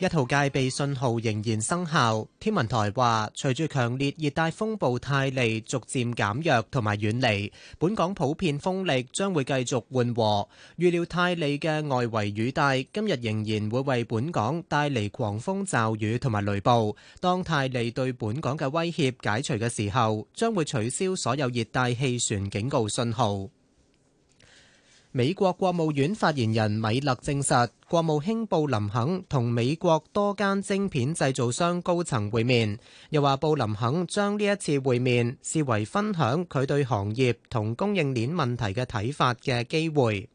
一號戒備信號仍然生效。天文台話，隨住強烈熱帶風暴泰利逐漸減弱同埋遠離，本港普遍風力將會繼續緩和。預料泰利嘅外圍雨帶今日仍然會為本港帶嚟狂風、驟雨同埋雷暴。當泰利對本港嘅威脅解除嘅時候，將會取消所有熱帶氣旋警告信號。美國國務院發言人米勒證實，國務卿布林肯同美國多間晶片製造商高層會面，又話布林肯將呢一次會面視為分享佢對行業同供應鏈問題嘅睇法嘅機會。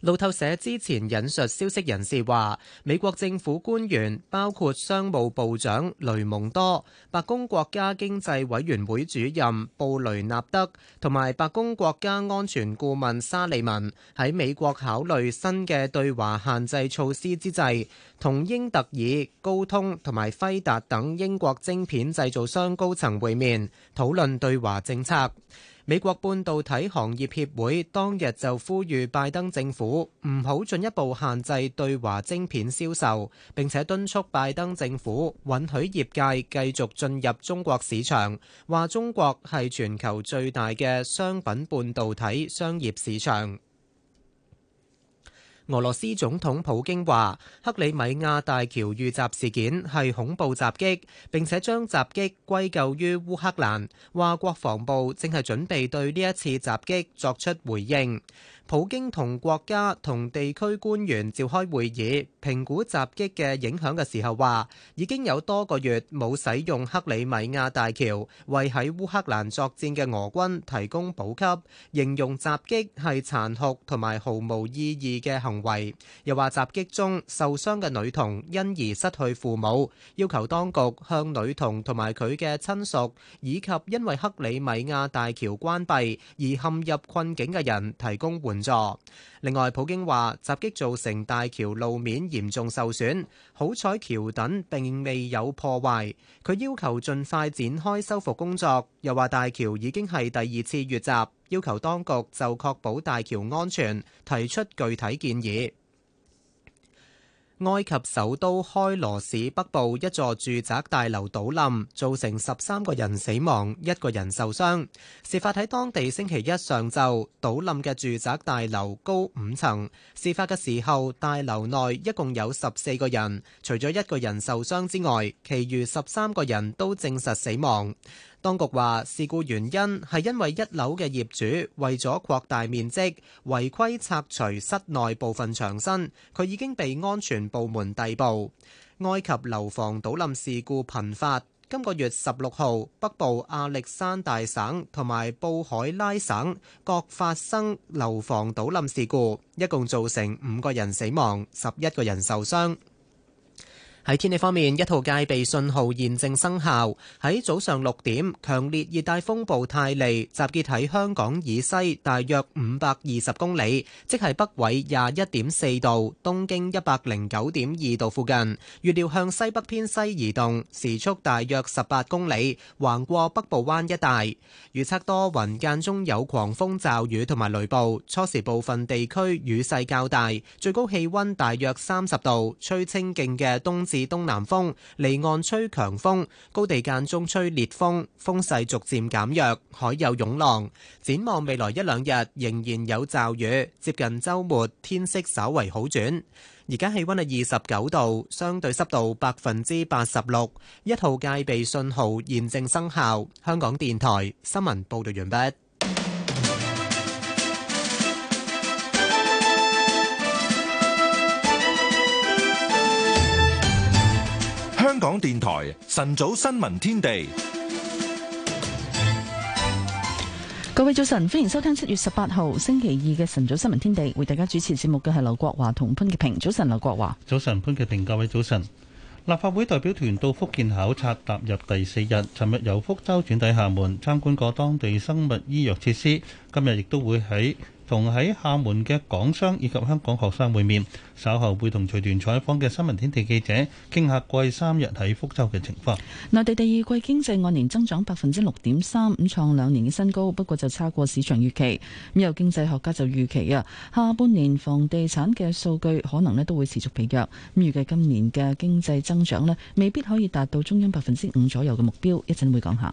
路透社之前引述消息人士話，美國政府官員包括商務部長雷蒙多、白宮國家經濟委員會主任布雷納德同埋白宮國家安全顧問沙利文喺美國考慮新嘅對華限制措施之際，同英特爾、高通同埋輝達等英國晶片製造商高層會面，討論對華政策。美國半導體行業協會當日就呼籲拜登政府唔好進一步限制對華晶片銷售，並且敦促拜登政府允許業界繼續進入中國市場，話中國係全球最大嘅商品半導體商業市場。俄羅斯總統普京話：克里米亞大橋遇襲事件係恐怖襲擊，並且將襲擊歸咎於烏克蘭，話國防部正係準備對呢一次襲擊作出回應。普京同國家同地區官員召開會議，評估襲擊嘅影響嘅時候話，已經有多個月冇使用克里米亞大橋為喺烏克蘭作戰嘅俄軍提供補給，形容襲擊係殘酷同埋毫無意義嘅行為。又話襲擊中受傷嘅女童因而失去父母，要求當局向女童同埋佢嘅親屬，以及因為克里米亞大橋關閉而陷入困境嘅人提供援。另外，普京話襲擊造成大橋路面嚴重受損，好彩橋，橋墩並未有破壞。佢要求盡快展開修復工作，又話大橋已經係第二次遇襲，要求當局就確保大橋安全，提出具體建議。埃及首都開羅市北部一座住宅大樓倒冧，造成十三個人死亡，一個人受傷。事發喺當地星期一上晝，倒冧嘅住宅大樓高五層。事發嘅時候，大樓內一共有十四個人，除咗一個人受傷之外，其餘十三個人都證實死亡。當局話事故原因係因為一樓嘅業主為咗擴大面積，違規拆除室內部分牆身，佢已經被安全部門逮捕。埃及樓房倒冧事故頻發，今個月十六號，北部亞力山大省同埋布海拉省各發生樓房倒冧事故，一共造成五個人死亡，十一個人受傷。喺天氣方面，一號戒備信號現正生效。喺早上六點，強烈熱帶風暴泰利集結喺香港以西大約五百二十公里，即係北緯廿一點四度，東經一百零九點二度附近。預料向西北偏西移動，時速大約十八公里，橫過北部灣一帶。預測多雲間中有狂風驟雨同埋雷暴，初時部分地區雨勢較大，最高氣溫大約三十度，吹清勁嘅東是東南風，離岸吹強風，高地間中吹烈風，風勢逐漸減弱，海有湧浪。展望未來一兩日仍然有驟雨，接近周末天色稍為好轉。而家氣溫係二十九度，相對濕度百分之八十六，一號戒備信號現正生效。香港電台新聞報道完畢。香港電台晨早新聞天地，各位早晨，歡迎收聽七月十八號星期二嘅晨早新聞天地，為大家主持節目嘅係劉國華同潘潔平。早晨，劉國華，早晨，潘潔平，各位早晨。立法會代表團到福建考察踏入第四日，尋日由福州轉抵廈門，參觀過當地生物醫藥設施，今日亦都會喺。同喺廈門嘅港商以及香港學生會面，稍後會同隨團採訪嘅新聞天地記者傾下貴三日喺福州嘅情況。內地第二季經濟按年增長百分之六點三，五創兩年嘅新高，不過就差過市場預期。咁有經濟學家就預期啊，下半年房地產嘅數據可能咧都會持續疲弱。咁預計今年嘅經濟增長咧，未必可以達到中央百分之五左右嘅目標。一陣會講下。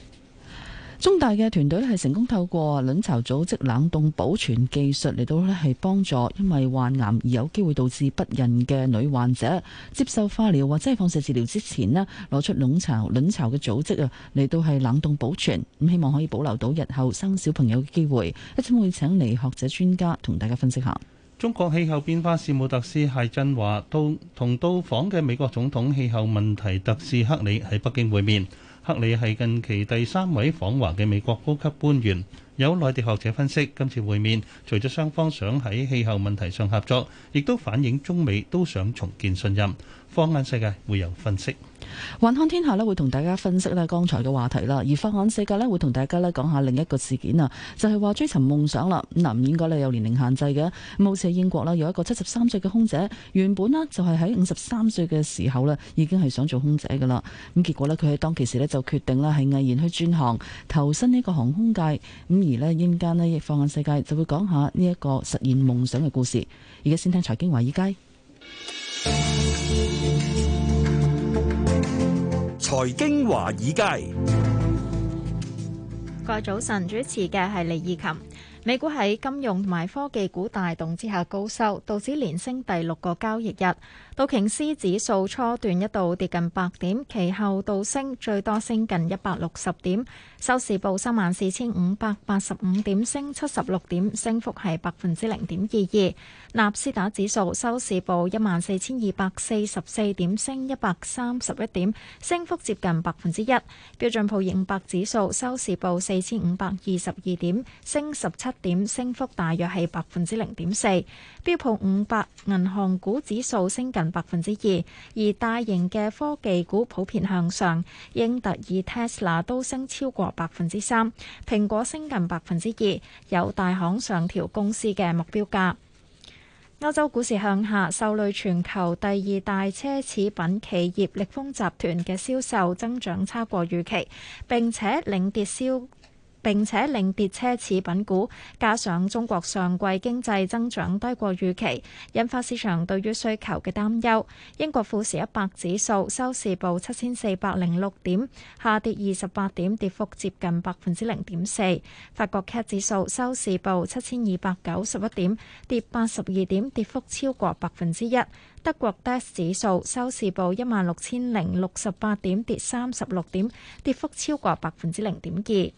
中大嘅團隊咧，係成功透過卵巢組織冷凍保存技術嚟到咧，係幫助因為患癌而有機會導致不孕嘅女患者接受化療或者係放射治療之前咧，攞出卵巢卵巢嘅組織啊，嚟到係冷凍保存，咁希望可以保留到日後生小朋友嘅機會。一陣會請嚟學者專家同大家分析下。中國氣候變化事務特使解振華到，同到訪嘅美國總統氣候問題特使克里喺北京會面。克里係近期第三位訪華嘅美國高級官員，有內地學者分析，今次會面除咗雙方想喺氣候問題上合作，亦都反映中美都想重建信任。放眼世界，會有分析。環看天下咧，會同大家分析咧剛才嘅話題啦。而放眼世界咧，會同大家咧講下另一個事件啊，就係話追尋夢想啦。咁唔應該有年齡限制嘅。目前英國啦，有一個七十三歲嘅空姐，原本咧就係喺五十三歲嘅時候咧，已經係想做空姐嘅啦。咁結果咧，佢喺當其時咧就決定咧係毅然去轉行，投身呢個航空界。咁而咧，英間咧亦放眼世界就會講下呢一個實現夢想嘅故事。而家先聽財經華爾街。財經華爾街，各位早晨，主持嘅係李怡琴。美股喺金融同埋科技股帶動之下高收，道指連升第六個交易日，道瓊斯指數初段一度跌近百點，其後道升最多升近一百六十點，收市報三萬四千五百八十五點升，升七十六點，升幅係百分之零點二二。納斯達指數收市報一萬四千二百四十四點，升一百三十一點，升幅接近百分之一。標準普爾五百指數收市報四千五百二十二點，升十七點，升幅大約係百分之零點四。標普五百銀行股指數升近百分之二，而大型嘅科技股普遍向上，英特爾、Tesla 都升超過百分之三，蘋果升近百分之二，有大行上調公司嘅目標價。歐洲股市向下，受累全球第二大奢侈品企業歷峰集團嘅銷售增長差過預期，並且領跌銷。並且領跌奢侈品股，加上中國上季經濟增長低過預期，引發市場對於需求嘅擔憂。英國富時一百指數收市報七千四百零六點，下跌二十八點，跌幅接近百分之零點四。法國 CAC 指數收市報七千二百九十一點，跌八十二點，跌幅超過百分之一。德國 DAX 指數收市報一萬六千零六十八點，跌三十六點，跌幅超過百分之零點二。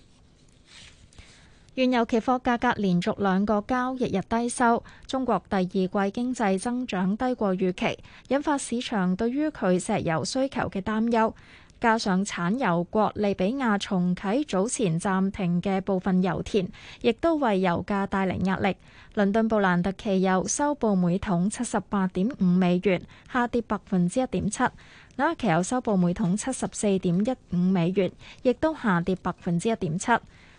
原油期貨價格連續兩個交易日低收，中國第二季經濟增長低過預期，引發市場對於佢石油需求嘅擔憂，加上產油國利比亞重啟早前暫停嘅部分油田，亦都為油價帶嚟壓力。倫敦布蘭特期油收報每桶七十八點五美元，下跌百分之一點七；紐約期油收報每桶七十四點一五美元，亦都下跌百分之一點七。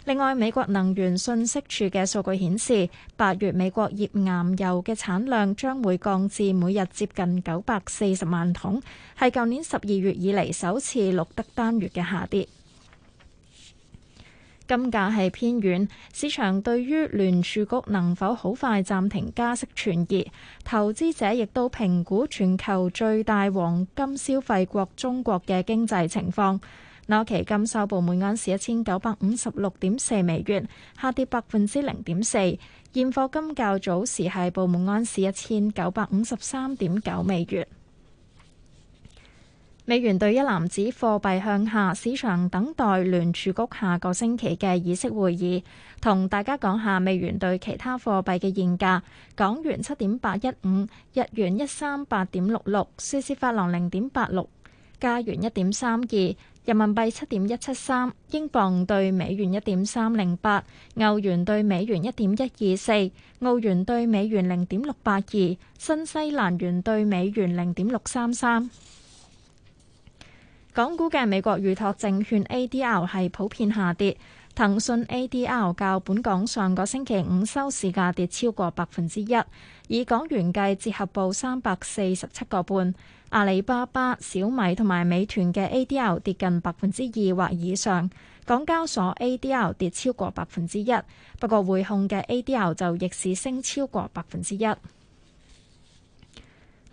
另外，美國能源信息處嘅數據顯示，八月美國頁岩油嘅產量將會降至每日接近九百四十萬桶，係舊年十二月以嚟首次錄得單月嘅下跌。金價係偏軟，市場對於聯儲局能否好快暫停加息存疑，投資者亦都評估全球最大黃金消費國中國嘅經濟情況。那期金收報每盎司一千九百五十六點四美元，下跌百分之零點四。現貨金較早時係報每盎司一千九百五十三點九美元。美元兌一籃子貨幣向下，市場等待聯儲局下個星期嘅議息會議。同大家講下美元兌其他貨幣嘅現價：港元七點八一五，日元一三八點六六，瑞士法郎零點八六，加元一點三二。人民幣七點一七三，英鎊對美元一點三零八，歐元對美元一點一二四，澳元對美元零點六八二，新西蘭元對美元零點六三三。港股嘅美國預託證券 ADR 係普遍下跌，騰訊 ADR 較本港上個星期五收市價跌超過百分之一，以港元計折合報三百四十七個半。阿里巴巴、小米同埋美團嘅 ADR 跌近百分之二或以上，港交所 ADR 跌超過百分之一，不過匯控嘅 ADR 就逆市升超過百分之一。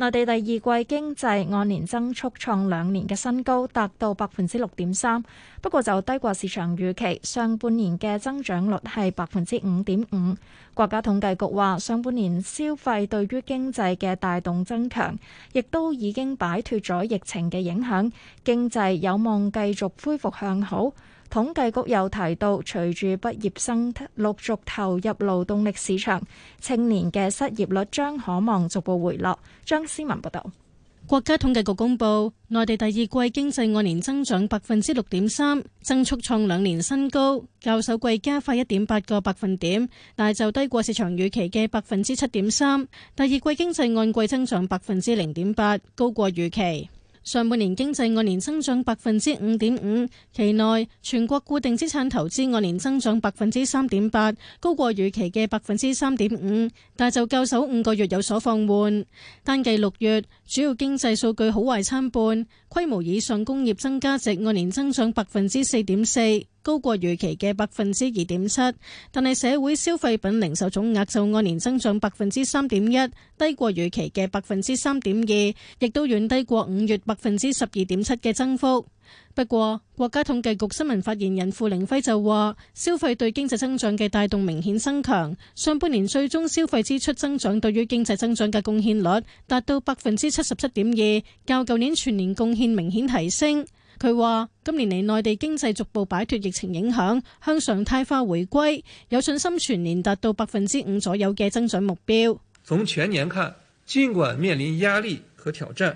內地第二季經濟按年增速創兩年嘅新高，達到百分之六點三。不過就低過市場預期，上半年嘅增長率係百分之五點五。國家統計局話，上半年消費對於經濟嘅帶動增強，亦都已經擺脱咗疫情嘅影響，經濟有望繼續恢復向好。統計局又提到，隨住畢業生陸續投入勞動力市場，青年嘅失業率將可望逐步回落。張思文報導。國家統計局公佈，內地第二季經濟按年增長百分之六點三，增速創兩年新高，較首季加快一點八個百分點，但就低過市場預期嘅百分之七點三。第二季經濟按季增長百分之零點八，高過預期。上半年經濟按年增長百分之五點五，期內全國固定資產投資按年增長百分之三點八，高過預期嘅百分之三點五，但就較首五個月有所放緩。單計六月，主要經濟數據好壞參半。規模以上工業增加值按年增長百分之四點四，高過預期嘅百分之二點七，但係社會消費品零售總額就按年增長百分之三點一，低過預期嘅百分之三點二，亦都遠低過五月百分之十二點七嘅增幅。不過，國家統計局新聞發言人付凌暉就話，消費對經濟增長嘅帶動明顯增強，上半年最終消費支出增長對於經濟增長嘅貢獻率達到百分之七十七點二，較舊年全年貢獻明顯提升。佢話今年嚟內地經濟逐步擺脫疫情影響，向常態化回歸，有信心全年達到百分之五左右嘅增長目標。從全年看，儘管面臨壓力和挑戰。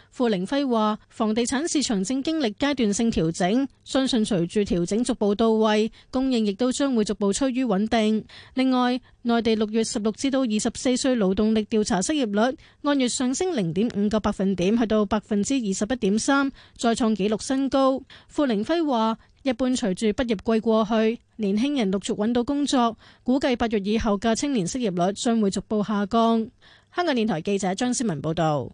傅凌輝話，房地產市場正經歷階段性調整，相信隨住調整逐步到位，供應亦都將會逐步趨於穩定。另外，內地六月十六至到二十四歲勞動力調查失業率按月上升零點五個百分點，去到百分之二十一點三，再創紀錄新高。傅凌輝話，一般隨住畢業季過去，年輕人陸續揾到工作，估計八月以後嘅青年失業率將會逐步下降。香港電台記者張思文報道。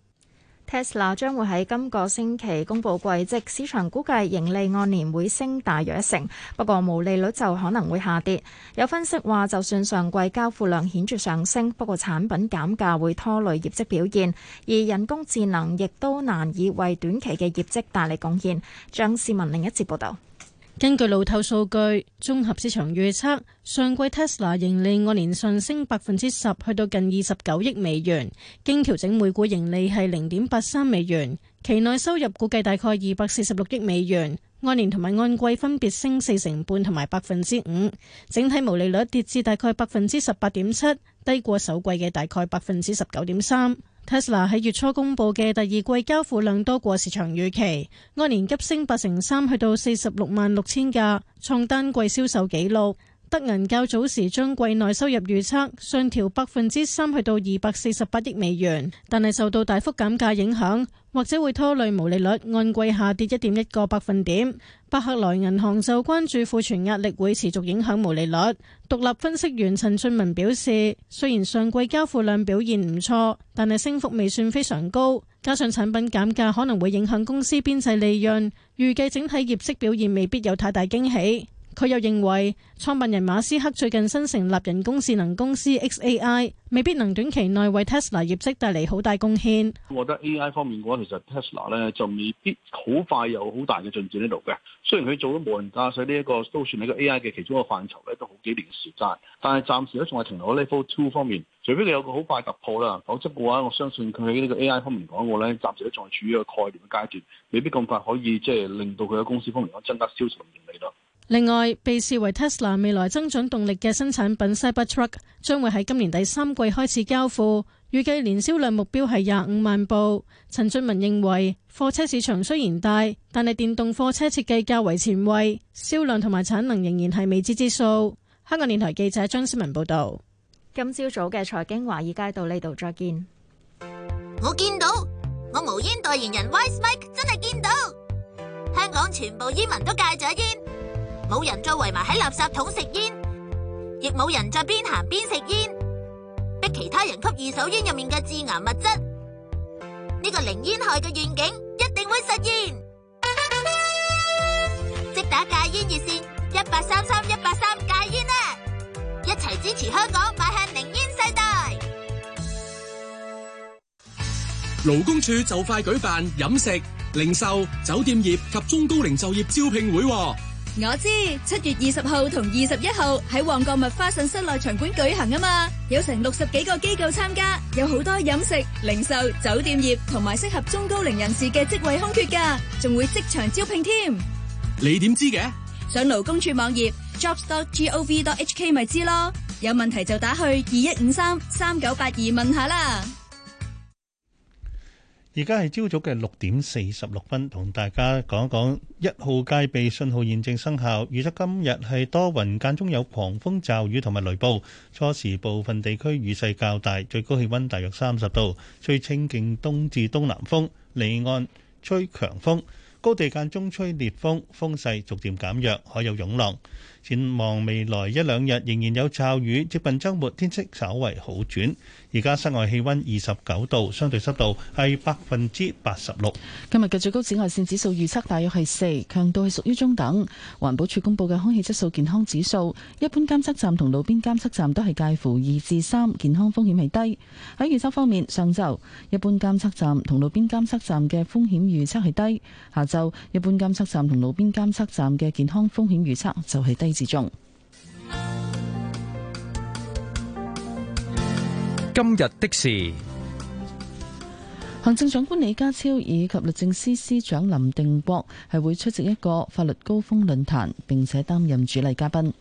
Tesla 將會喺今個星期公布季績，市場估計盈利按年會升大約一成，不過毛利率就可能會下跌。有分析話，就算上季交付量顯著上升，不過產品減價會拖累業績表現，而人工智能亦都難以為短期嘅業績帶嚟貢獻。張市民另一節報道。根據路透數據，綜合市場預測，上季 Tesla 盈利按年上升百分之十，去到近二十九億美元，經調整每股盈利係零點八三美元。期內收入估計大概二百四十六億美元，按年同埋按季分別升四成半同埋百分之五，整體毛利率跌至大概百分之十八點七，低過首季嘅大概百分之十九點三。Tesla 喺月初公布嘅第二季交付量多過市場預期，按年急升八成三，去到四十六萬六千架，創單季銷售紀錄。德銀較早時將季內收入預測上調百分之三，去到二百四十八億美元，但係受到大幅減價影響。或者會拖累毛利率按季下跌一點一個百分點。巴克萊銀行就關注庫存壓力會持續影響毛利率。獨立分析員陳俊文表示，雖然上季交付量表現唔錯，但係升幅未算非常高，加上產品減價可能會影響公司邊際利潤，預計整體業績表現未必有太大驚喜。佢又認為創辦人馬斯克最近新成立人工智能公司 XAI，未必能短期內為 Tesla 業績帶嚟好大貢獻。我覺得 AI 方面嘅話，其實 Tesla 咧就未必好快有好大嘅進展喺度嘅。雖然佢做咗無人駕駛呢、這個、一個都算係個 AI 嘅其中一個範疇咧，都好幾年嘅時間。但係暫時都仲係停留喺 level two 方面，除非你有個好快突破啦。否則嘅話，我相信佢喺呢個 AI 方面講嘅咧，暫時都仲係處於一個概念嘅階段，未必咁快可以即係、就是、令到佢喺公司方面講增加銷售同盈利咯。另外，被視為 Tesla 未來增長動力嘅新產品 Cybertruck 將會喺今年第三季開始交付，預計年銷量目標係廿五萬部。陳俊文認為，貨車市場雖然大，但係電動貨車設計較為前衞，銷量同埋產能仍然係未知之數。香港電台記者張思文報道。今朝早嘅財經華爾街到呢度再見。我見到我無煙代言人 Wise Mike 真係見到香港全部煙民都戒咗煙。冇人再圍埋喺垃圾桶食煙，亦冇人再邊行邊食煙，逼其他人吸二手煙入面嘅致癌物質。呢個零煙害嘅願景一定會實現。即打戒煙熱線一八三三一八三戒煙啦，一齊支持香港邁向零煙世代。勞工處就快舉辦飲食、零售、酒店業及中高齡就業招聘會。我知七月二十號同二十一號喺旺角麥花臣室內場館舉行啊嘛，有成六十幾個機構參加，有好多飲食、零售、酒店業同埋適合中高齡人士嘅職位空缺噶，仲會即場招聘添。你點知嘅？上勞工處網頁 jobs.gov.hk 咪知咯，有問題就打去二一五三三九八二問下啦。而家係朝早嘅六點四十六分，同大家講一講一號戒備信號現正生效。預測今日係多雲間中有狂風驟雨同埋雷暴，初時部分地區雨勢較大，最高氣溫大約三十度，吹清勁東至東南風，離岸吹強風，高地間中吹烈風，風勢逐漸減弱，海有湧浪。展望未來一兩日仍然有驟雨，接近周末天色稍為好轉。而家室外氣溫二十九度，相對濕度係百分之八十六。今日嘅最高紫外線指數預測大約係四，強度係屬於中等。環保署公布嘅空氣質素健康指數，一般監測站同路邊監測站都係介乎二至三，健康風險係低。喺預測方面，上晝一般監測站同路邊監測站嘅風險預測係低，下晝一般監測站同路邊監測站嘅健康風險預測就係低至中。今日的事，行政長官李家超以及律政司司長林定國係會出席一個法律高峰論壇，並且擔任主禮嘉賓。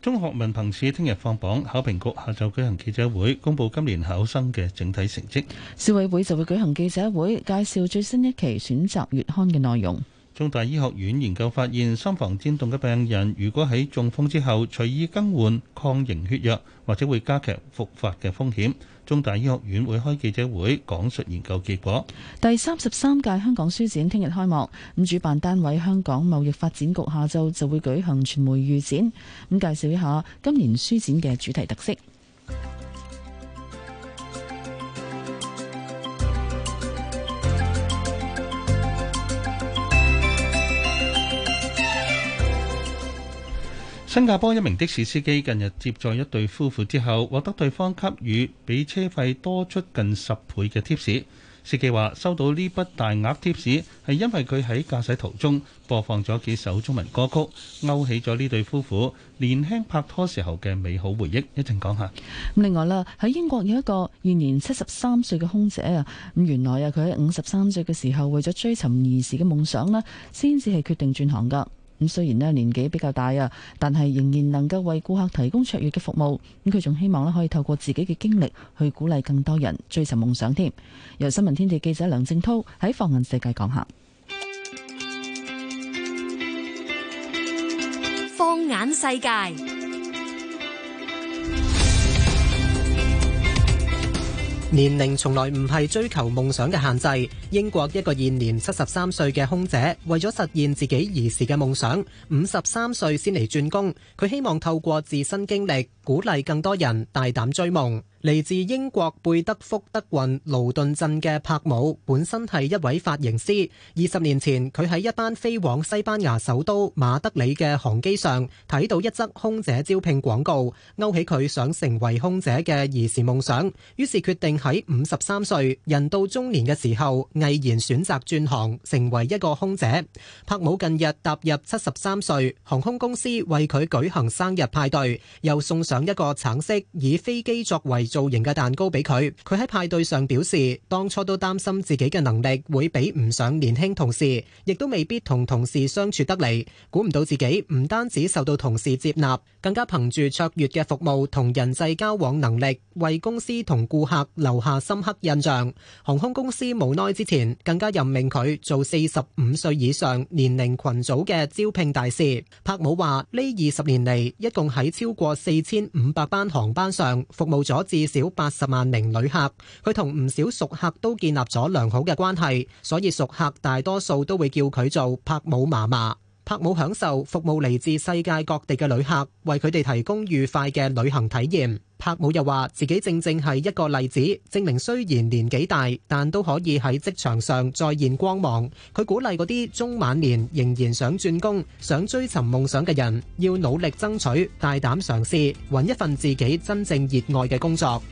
中學文憑試聽日放榜，考評局下晝舉行記者會，公布今年考生嘅整體成績。消委會就會舉行記者會，介紹最新一期選擇月刊嘅內容。中大醫學院研究發現，心房顫動嘅病人如果喺中風之後隨意更換抗凝血藥，或者會加劇復發嘅風險。中大醫學院會開記者會，講述研究結果。第三十三屆香港書展聽日開幕，咁主辦單位香港貿易發展局下晝就會舉行傳媒預展，咁介紹一下今年書展嘅主題特色。新加坡一名的士司機近日接載一對夫婦之後，獲得對方給予比車費多出近十倍嘅貼士。司機話收到呢筆大額貼士，係因為佢喺駕駛途中播放咗幾首中文歌曲，勾起咗呢對夫婦年輕拍拖時候嘅美好回憶。一陣講下。另外啦，喺英國有一個現年七十三歲嘅空姐啊，咁原來啊，佢喺五十三歲嘅時候，為咗追尋兒時嘅夢想咧，先至係決定轉行噶。咁雖然呢年紀比較大啊，但係仍然能夠為顧客提供卓越嘅服務。咁佢仲希望呢可以透過自己嘅經歷去鼓勵更多人追尋夢想添。由新聞天地記者梁正濤喺放眼世界講下，放眼世界。年齡從來唔係追求夢想嘅限制。英國一個現年七十三歲嘅空姐，為咗實現自己兒時嘅夢想，五十三歲先嚟轉工。佢希望透過自身經歷，鼓勵更多人大膽追夢。嚟自英國貝德福德郡勞頓鎮嘅柏姆，本身係一位髮型師。二十年前，佢喺一班飛往西班牙首都馬德里嘅航機上，睇到一則空姐招聘廣告，勾起佢想成為空姐嘅兒時夢想。於是決定喺五十三歲人到中年嘅時候，毅然選擇轉行，成為一個空姐。柏姆近日踏入七十三歲，航空公司為佢舉行生日派對，又送上。上一個橙色以飛機作為造型嘅蛋糕俾佢，佢喺派對上表示，當初都擔心自己嘅能力會比唔上年輕同事，亦都未必同同事相處得嚟。估唔到自己唔單止受到同事接納，更加憑住卓越嘅服務同人際交往能力，為公司同顧客留下深刻印象。航空公司無奈之前更加任命佢做四十五歲以上年齡群組嘅招聘大使，柏姆話呢二十年嚟，一共喺超過四千。五百班航班上服務咗至少八十萬名旅客，佢同唔少熟客都建立咗良好嘅關係，所以熟客大多數都會叫佢做拍舞媽媽。帕姆享受服務嚟自世界各地嘅旅客，為佢哋提供愉快嘅旅行體驗。帕姆又話：自己正正係一個例子，證明雖然年紀大，但都可以喺職場上再現光芒。佢鼓勵嗰啲中晚年仍然想轉工、想追尋夢想嘅人，要努力爭取、大膽嘗試，搵一份自己真正熱愛嘅工作。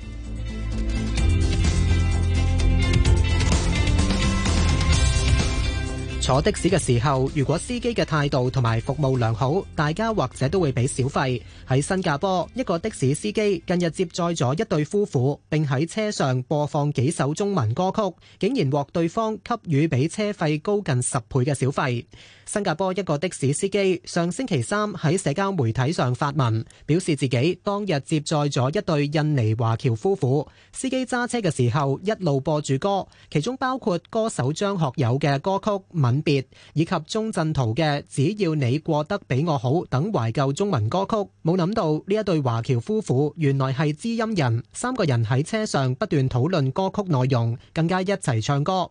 坐的士嘅時候，如果司機嘅態度同埋服務良好，大家或者都會俾小費。喺新加坡，一個的士司機近日接載咗一對夫婦，並喺車上播放幾首中文歌曲，竟然獲對方給予比車費高近十倍嘅小費。新加坡一個的士司機上星期三喺社交媒體上發文，表示自己當日接載咗一對印尼華僑夫婦。司機揸車嘅時候一路播住歌，其中包括歌手張學友嘅歌曲《吻別》，以及鍾鎮濤嘅《只要你過得比我好》等懷舊中文歌曲。冇諗到呢一對華僑夫婦原來係知音人，三個人喺車上不斷討論歌曲內容，更加一齊唱歌。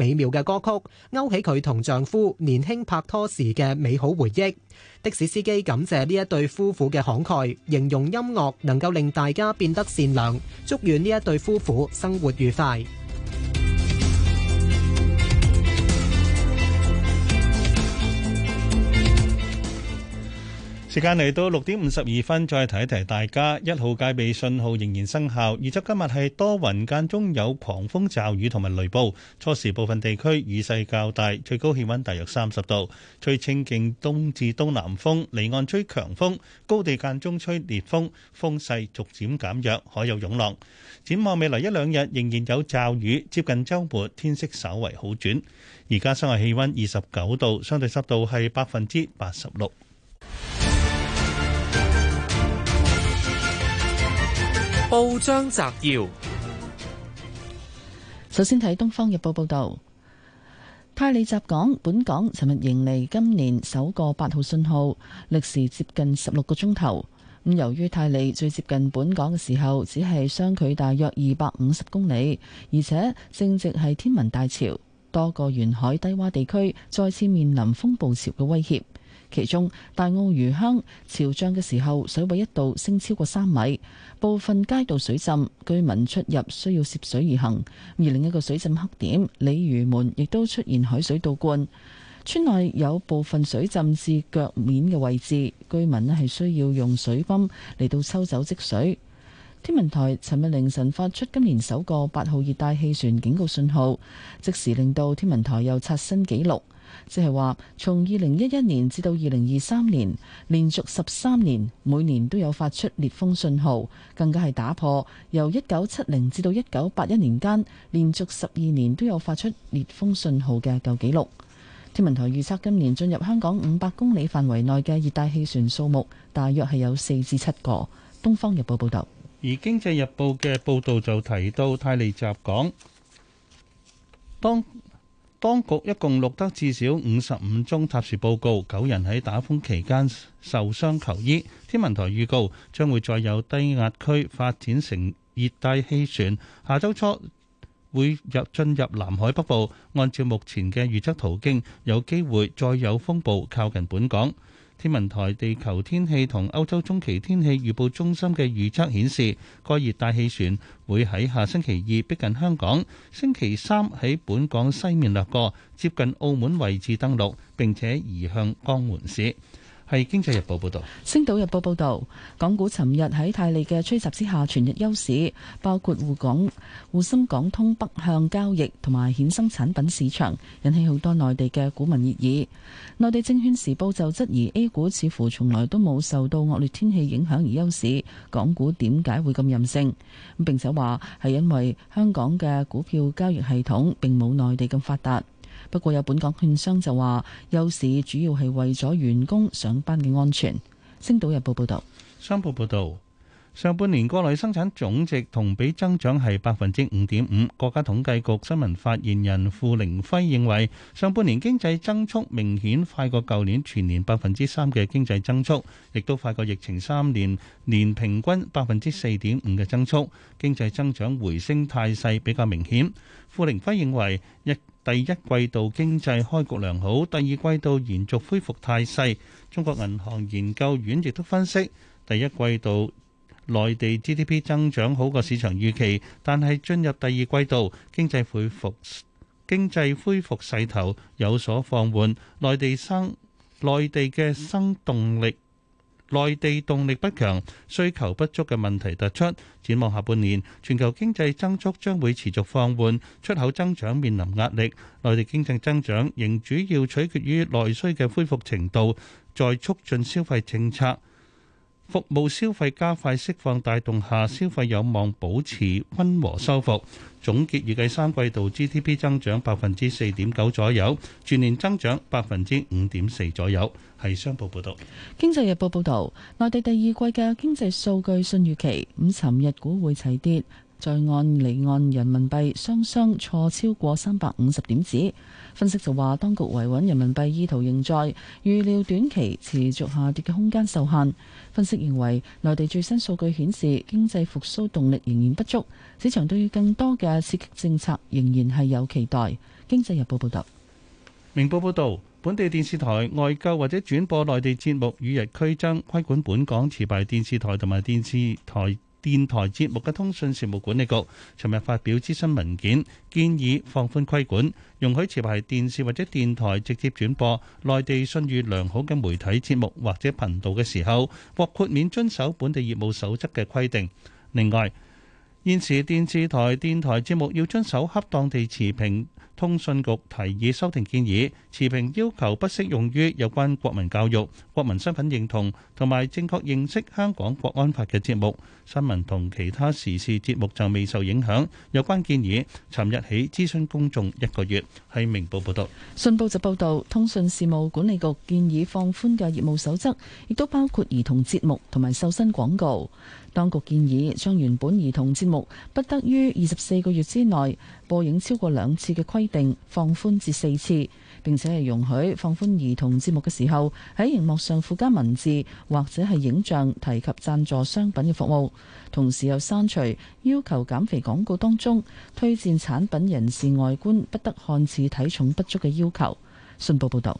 美妙嘅歌曲勾起佢同丈夫年輕拍拖時嘅美好回憶。的士司機感謝呢一對夫婦嘅慷慨，形容音樂能夠令大家變得善良，祝願呢一對夫婦生活愉快。時間嚟到六點五十二分，再提一提大家一號戒備信號仍然生效。預測今日係多雲間中有狂風驟雨同埋雷暴，初時部分地區雨勢較大，最高氣溫大約三十度。吹清勁東至東南風，離岸吹強風，高地間中吹烈風，風勢逐漸減弱，海有湧浪。展望未來一兩日仍然有驟雨，接近周末天色稍為好轉。而家室外氣溫二十九度，相對濕度係百分之八十六。報章摘要：首先睇《東方日報》報道，泰利襲港，本港尋日迎嚟今年首個八號信號，歷時接近十六個鐘頭。咁由於泰利最接近本港嘅時候，只係相距大約二百五十公里，而且正值係天文大潮，多個沿海低洼地區再次面臨風暴潮嘅威脅。其中大澳漁鄉潮漲嘅時候，水位一度升超過三米，部分街道水浸，居民出入需要涉水而行。而另一個水浸黑點，鯉魚門亦都出現海水倒灌，村內有部分水浸至腳面嘅位置，居民咧係，需要用水泵嚟，到抽走積水。天文台尋日凌晨發出今年首個八號熱帶氣旋警告信號，即時令到天文台又刷新紀錄。即係話，從二零一一年至到二零二三年，連續十三年每年都有發出烈風信號，更加係打破由一九七零至到一九八一年間連續十二年都有發出烈風信號嘅舊紀錄。天文台預測今年進入香港五百公里範圍內嘅熱帶氣旋數目，大約係有四至七個。《東方日報，報道》報導，而《經濟日報》嘅報導就提到泰利襲港，當。當局一共錄得至少五十五宗塌樹報告，九人喺打風期間受傷求醫。天文台預告將會再有低壓區發展成熱帶氣旋，下周初會入進入南海北部，按照目前嘅預測途徑，有機會再有風暴靠近本港。天文台地球天氣同歐洲中期天氣預報中心嘅預測顯示，該熱帶氣旋會喺下星期二逼近香港，星期三喺本港西面掠過，接近澳門位置登陸，並且移向江門市。係《經濟日報》報道，星島日報報道，港股尋日喺泰利嘅吹襲之下，全日休市，包括滬港、滬深港通北向交易同埋衍生產品市場引起好多內地嘅股民熱議，內地《證券時報》就質疑 A 股似乎從來都冇受到惡劣天氣影響而休市，港股點解會咁任性？並且話，係因為香港嘅股票交易系統並冇內地咁發達。不過，有本港券商就話，休市主要係為咗員工上班嘅安全。星島日報報道，商報報道，上半年國內生產總值同比增長係百分之五點五。國家統計局新聞發言人傅凌輝認為，上半年經濟增速明顯快過舊年全年百分之三嘅經濟增速，亦都快過疫情三年年平均百分之四點五嘅增速。經濟增長回升態勢比較明顯。傅凌輝認為，一第一季度經濟開局良好，第二季度延續恢復態勢，中國銀行研究院亦都分析，第一季度內地 GDP 增長好過市場預期，但係進入第二季度，經濟恢復經濟恢復勢頭有所放緩，內地生內地嘅生動力。內地動力不強，需求不足嘅問題突出，展望下半年，全球經濟增速將會持續放緩，出口增長面臨壓力。內地經濟增長仍主要取決於內需嘅恢復程度，再促進消費政策。服務消費加快釋放帶動下，消費有望保持溫和收復。總結預計三季度 GDP 增長百分之四點九左右，全年增長百分之五點四左右。係商報報道。《經濟日報》報道，內地第二季嘅經濟數據信預期，五尋日股匯齊跌。在岸、離岸人民幣雙雙挫超過三百五十點子，分析就話當局維穩人民幣意圖仍在，預料短期持續下跌嘅空間受限。分析認為內地最新數據顯示經濟復甦動力仍然不足，市場對於更多嘅刺激政策仍然係有期待。經濟日報報道。明報報道，本地電視台外購或者轉播內地節目與日俱增，規管本港持牌電視台同埋電視台。電台節目嘅通訊事務管理局尋日發表諮詢文件，建議放寬規管，容許持牌電視或者電台直接轉播內地信譽良好嘅媒體節目或者頻道嘅時候，獲豁免遵守本地業務守則嘅規定。另外，現時電視台、電台節目要遵守恰當地持平。通訊局提議修訂建議，持平要求不適用於有關國民教育、國民身份認同同埋正確認識香港國安法嘅節目，新聞同其他時事節目就未受影響。有關建議尋日起諮詢公眾一個月。係明報報道，信報就報道，通訊事務管理局建議放寬嘅業務守則，亦都包括兒童節目同埋瘦身廣告。當局建議將原本兒童節目不得於二十四個月之內播映超過兩次嘅規定放寬至四次，並且係容許放寬兒童節目嘅時候喺熒幕上附加文字或者係影像提及贊助商品嘅服務，同時又刪除要求減肥廣告當中推薦產品人士外觀不得看似體重不足嘅要求。信報報道。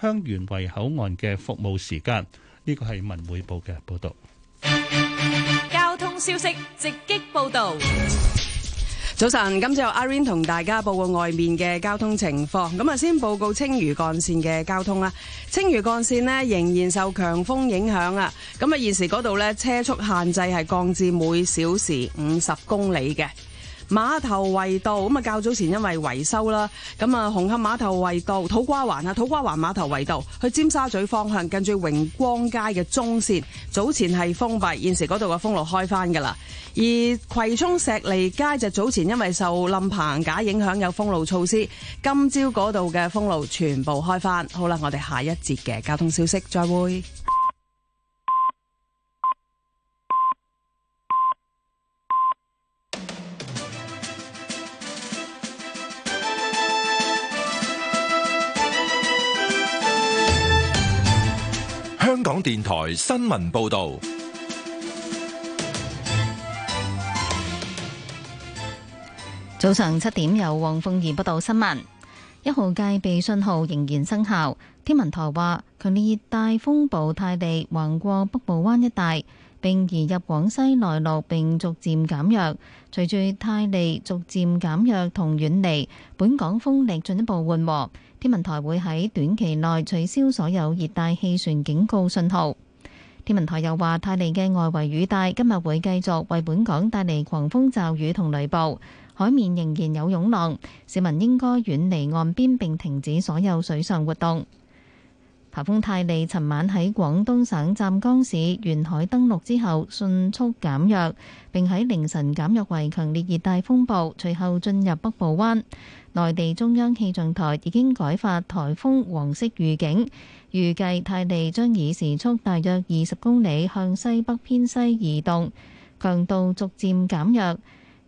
香園圍口岸嘅服務時間，呢個係文匯報嘅報道。交通消息直擊報道。早晨，今朝阿 Rain 同大家報告外面嘅交通情況。咁啊，先報告青嶼幹線嘅交通啦。青嶼幹線呢，仍然受強風影響啊。咁啊，現時嗰度呢，車速限制係降至每小時五十公里嘅。碼頭圍道，咁啊，較早前因為維修啦，咁啊，紅磡碼頭圍道、土瓜灣啊、土瓜灣碼頭圍道去尖沙咀方向，近住榮光街嘅中線，早前係封閉，現時嗰度嘅封路開翻噶啦。而葵涌石梨街就早前因為受冧棚架影響有封路措施，今朝嗰度嘅封路全部開翻。好啦，我哋下一節嘅交通消息再會。香港電台新聞報道，早上七點有黃鳳儀報道新聞。一號戒備信號仍然生效。天文台話，強烈熱帶風暴泰利橫過北部灣一帶，並移入廣西內陸，並逐漸減弱。隨住泰利逐漸減弱同遠離，本港風力進一步緩和。天文台會喺短期內取消所有熱帶氣旋警告信號。天文台又話，泰利嘅外圍雨帶今日會繼續為本港帶嚟狂風驟雨同雷暴，海面仍然有湧浪，市民應該遠離岸邊並停止所有水上活動。颱風泰利尋晚喺廣東省湛江市沿海登陸之後，迅速減弱，並喺凌晨減弱為強烈熱帶風暴，隨後進入北部灣。內地中央氣象台已經改發颱風黃色預警，預計泰利將以時速大約二十公里向西北偏西移動，強度逐漸減弱，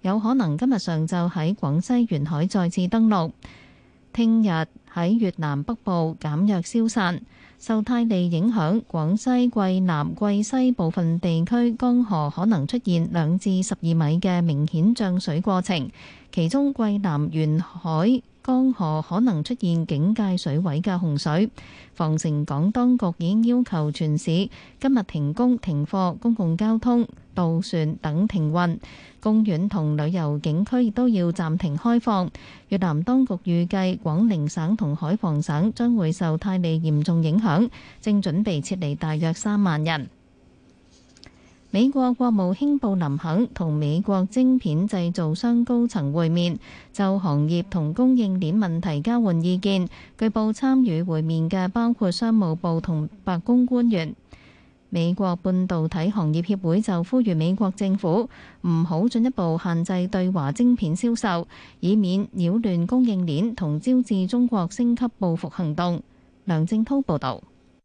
有可能今日上晝喺廣西沿海再次登陸，聽日，喺越南北部減弱消散，受泰利影響，廣西桂南桂西部分地區江河可能出現兩至十二米嘅明顯漲水過程，其中桂南沿海，江河可能出現警戒水位嘅洪水，防城港當局已經要求全市今日停工停課，公共交通、渡船等停運，公園同旅遊景區亦都要暫停開放。越南當局預計廣寧省同海防省將會受泰利嚴重影響，正準備撤離大約三萬人。美國國務卿布林肯同美國晶片製造商高層會面，就行業同供應鏈問題交換意見。據報參與會面嘅包括商務部同白宮官員。美國半導體行業協會就呼籲美國政府唔好進一步限制對華晶片銷售，以免擾亂供應鏈同招致中國升級報復行動。梁正滔報導。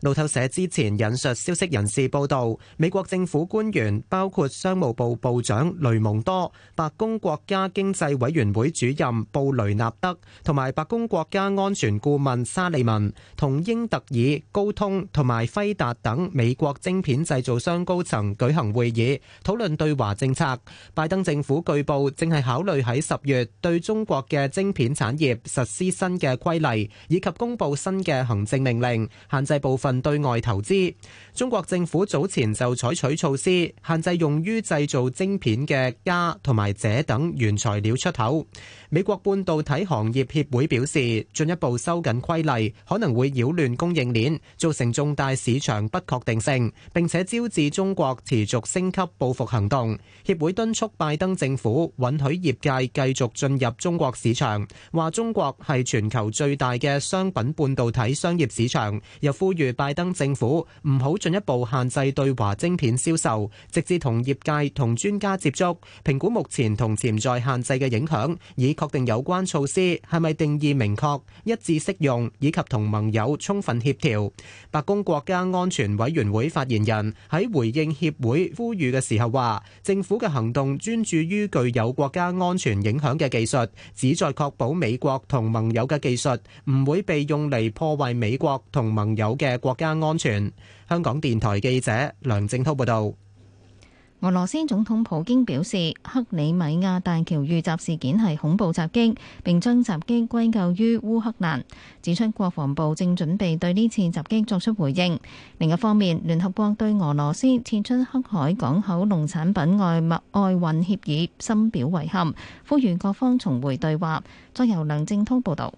路透社之前引述消息人士報道，美國政府官員包括商務部部長雷蒙多、白宮國家經濟委員會主任布雷納德同埋白宮國家安全顧問沙利文，同英特爾、高通同埋輝達等美國晶片製造商高層舉行會議，討論對華政策。拜登政府據報正係考慮喺十月對中國嘅晶片產業實施新嘅規例，以及公布新嘅行政命令，限制部分。對外投資，中國政府早前就採取措施限制用於製造晶片嘅家」同埋者」等原材料出口。美國半導體行業協會表示，進一步收緊規例可能會擾亂供應鏈，造成重大市場不確定性，並且招致中國持續升級報復行動。協會敦促拜登政府允許業界繼續進入中國市場，話中國係全球最大嘅商品半導體商業市場，又呼籲。拜登政府唔好進一步限制對華晶片銷售，直至同業界同專家接觸，評估目前同潛在限制嘅影響，以確定有關措施係咪定義明確、一致適用以及同盟友充分協調。白宮國家安全委員會發言人喺回應協會呼籲嘅時候話，政府嘅行動專注於具有國家安全影響嘅技術，旨在確保美國同盟友嘅技術唔會被用嚟破壞美國同盟友嘅國家安全。香港電台記者梁正濤報道，俄羅斯總統普京表示，克里米亞大橋遇襲事件係恐怖襲擊，並將襲擊歸咎於烏克蘭，指出國防部正準備對呢次襲擊作出回應。另一方面，聯合國對俄羅斯撤出黑海港口農產品外外運協議深表遺憾，呼籲各方重回對話。再由梁正濤報道。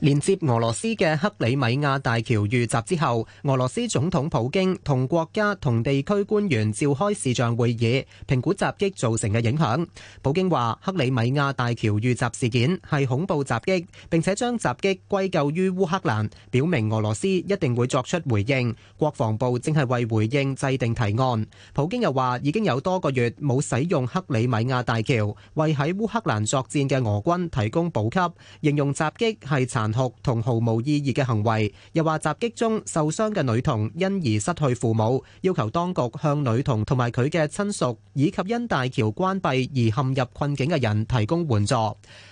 連接俄羅斯嘅克里米亞大橋遇襲之後，俄羅斯總統普京同國家同地區官員召開視像會議，評估襲擊造成嘅影響。普京話：克里米亞大橋遇襲事件係恐怖襲擊，並且將襲擊歸咎於烏克蘭，表明俄羅斯一定會作出回應。國防部正係為回應制定提案。普京又話：已經有多個月冇使用克里米亞大橋，為喺烏克蘭作戰嘅俄軍提供補給。形容襲擊係殘。殘酷同毫無意義嘅行為，又話襲擊中受傷嘅女童因而失去父母，要求當局向女童同埋佢嘅親屬，以及因大橋關閉而陷入困境嘅人提供援助。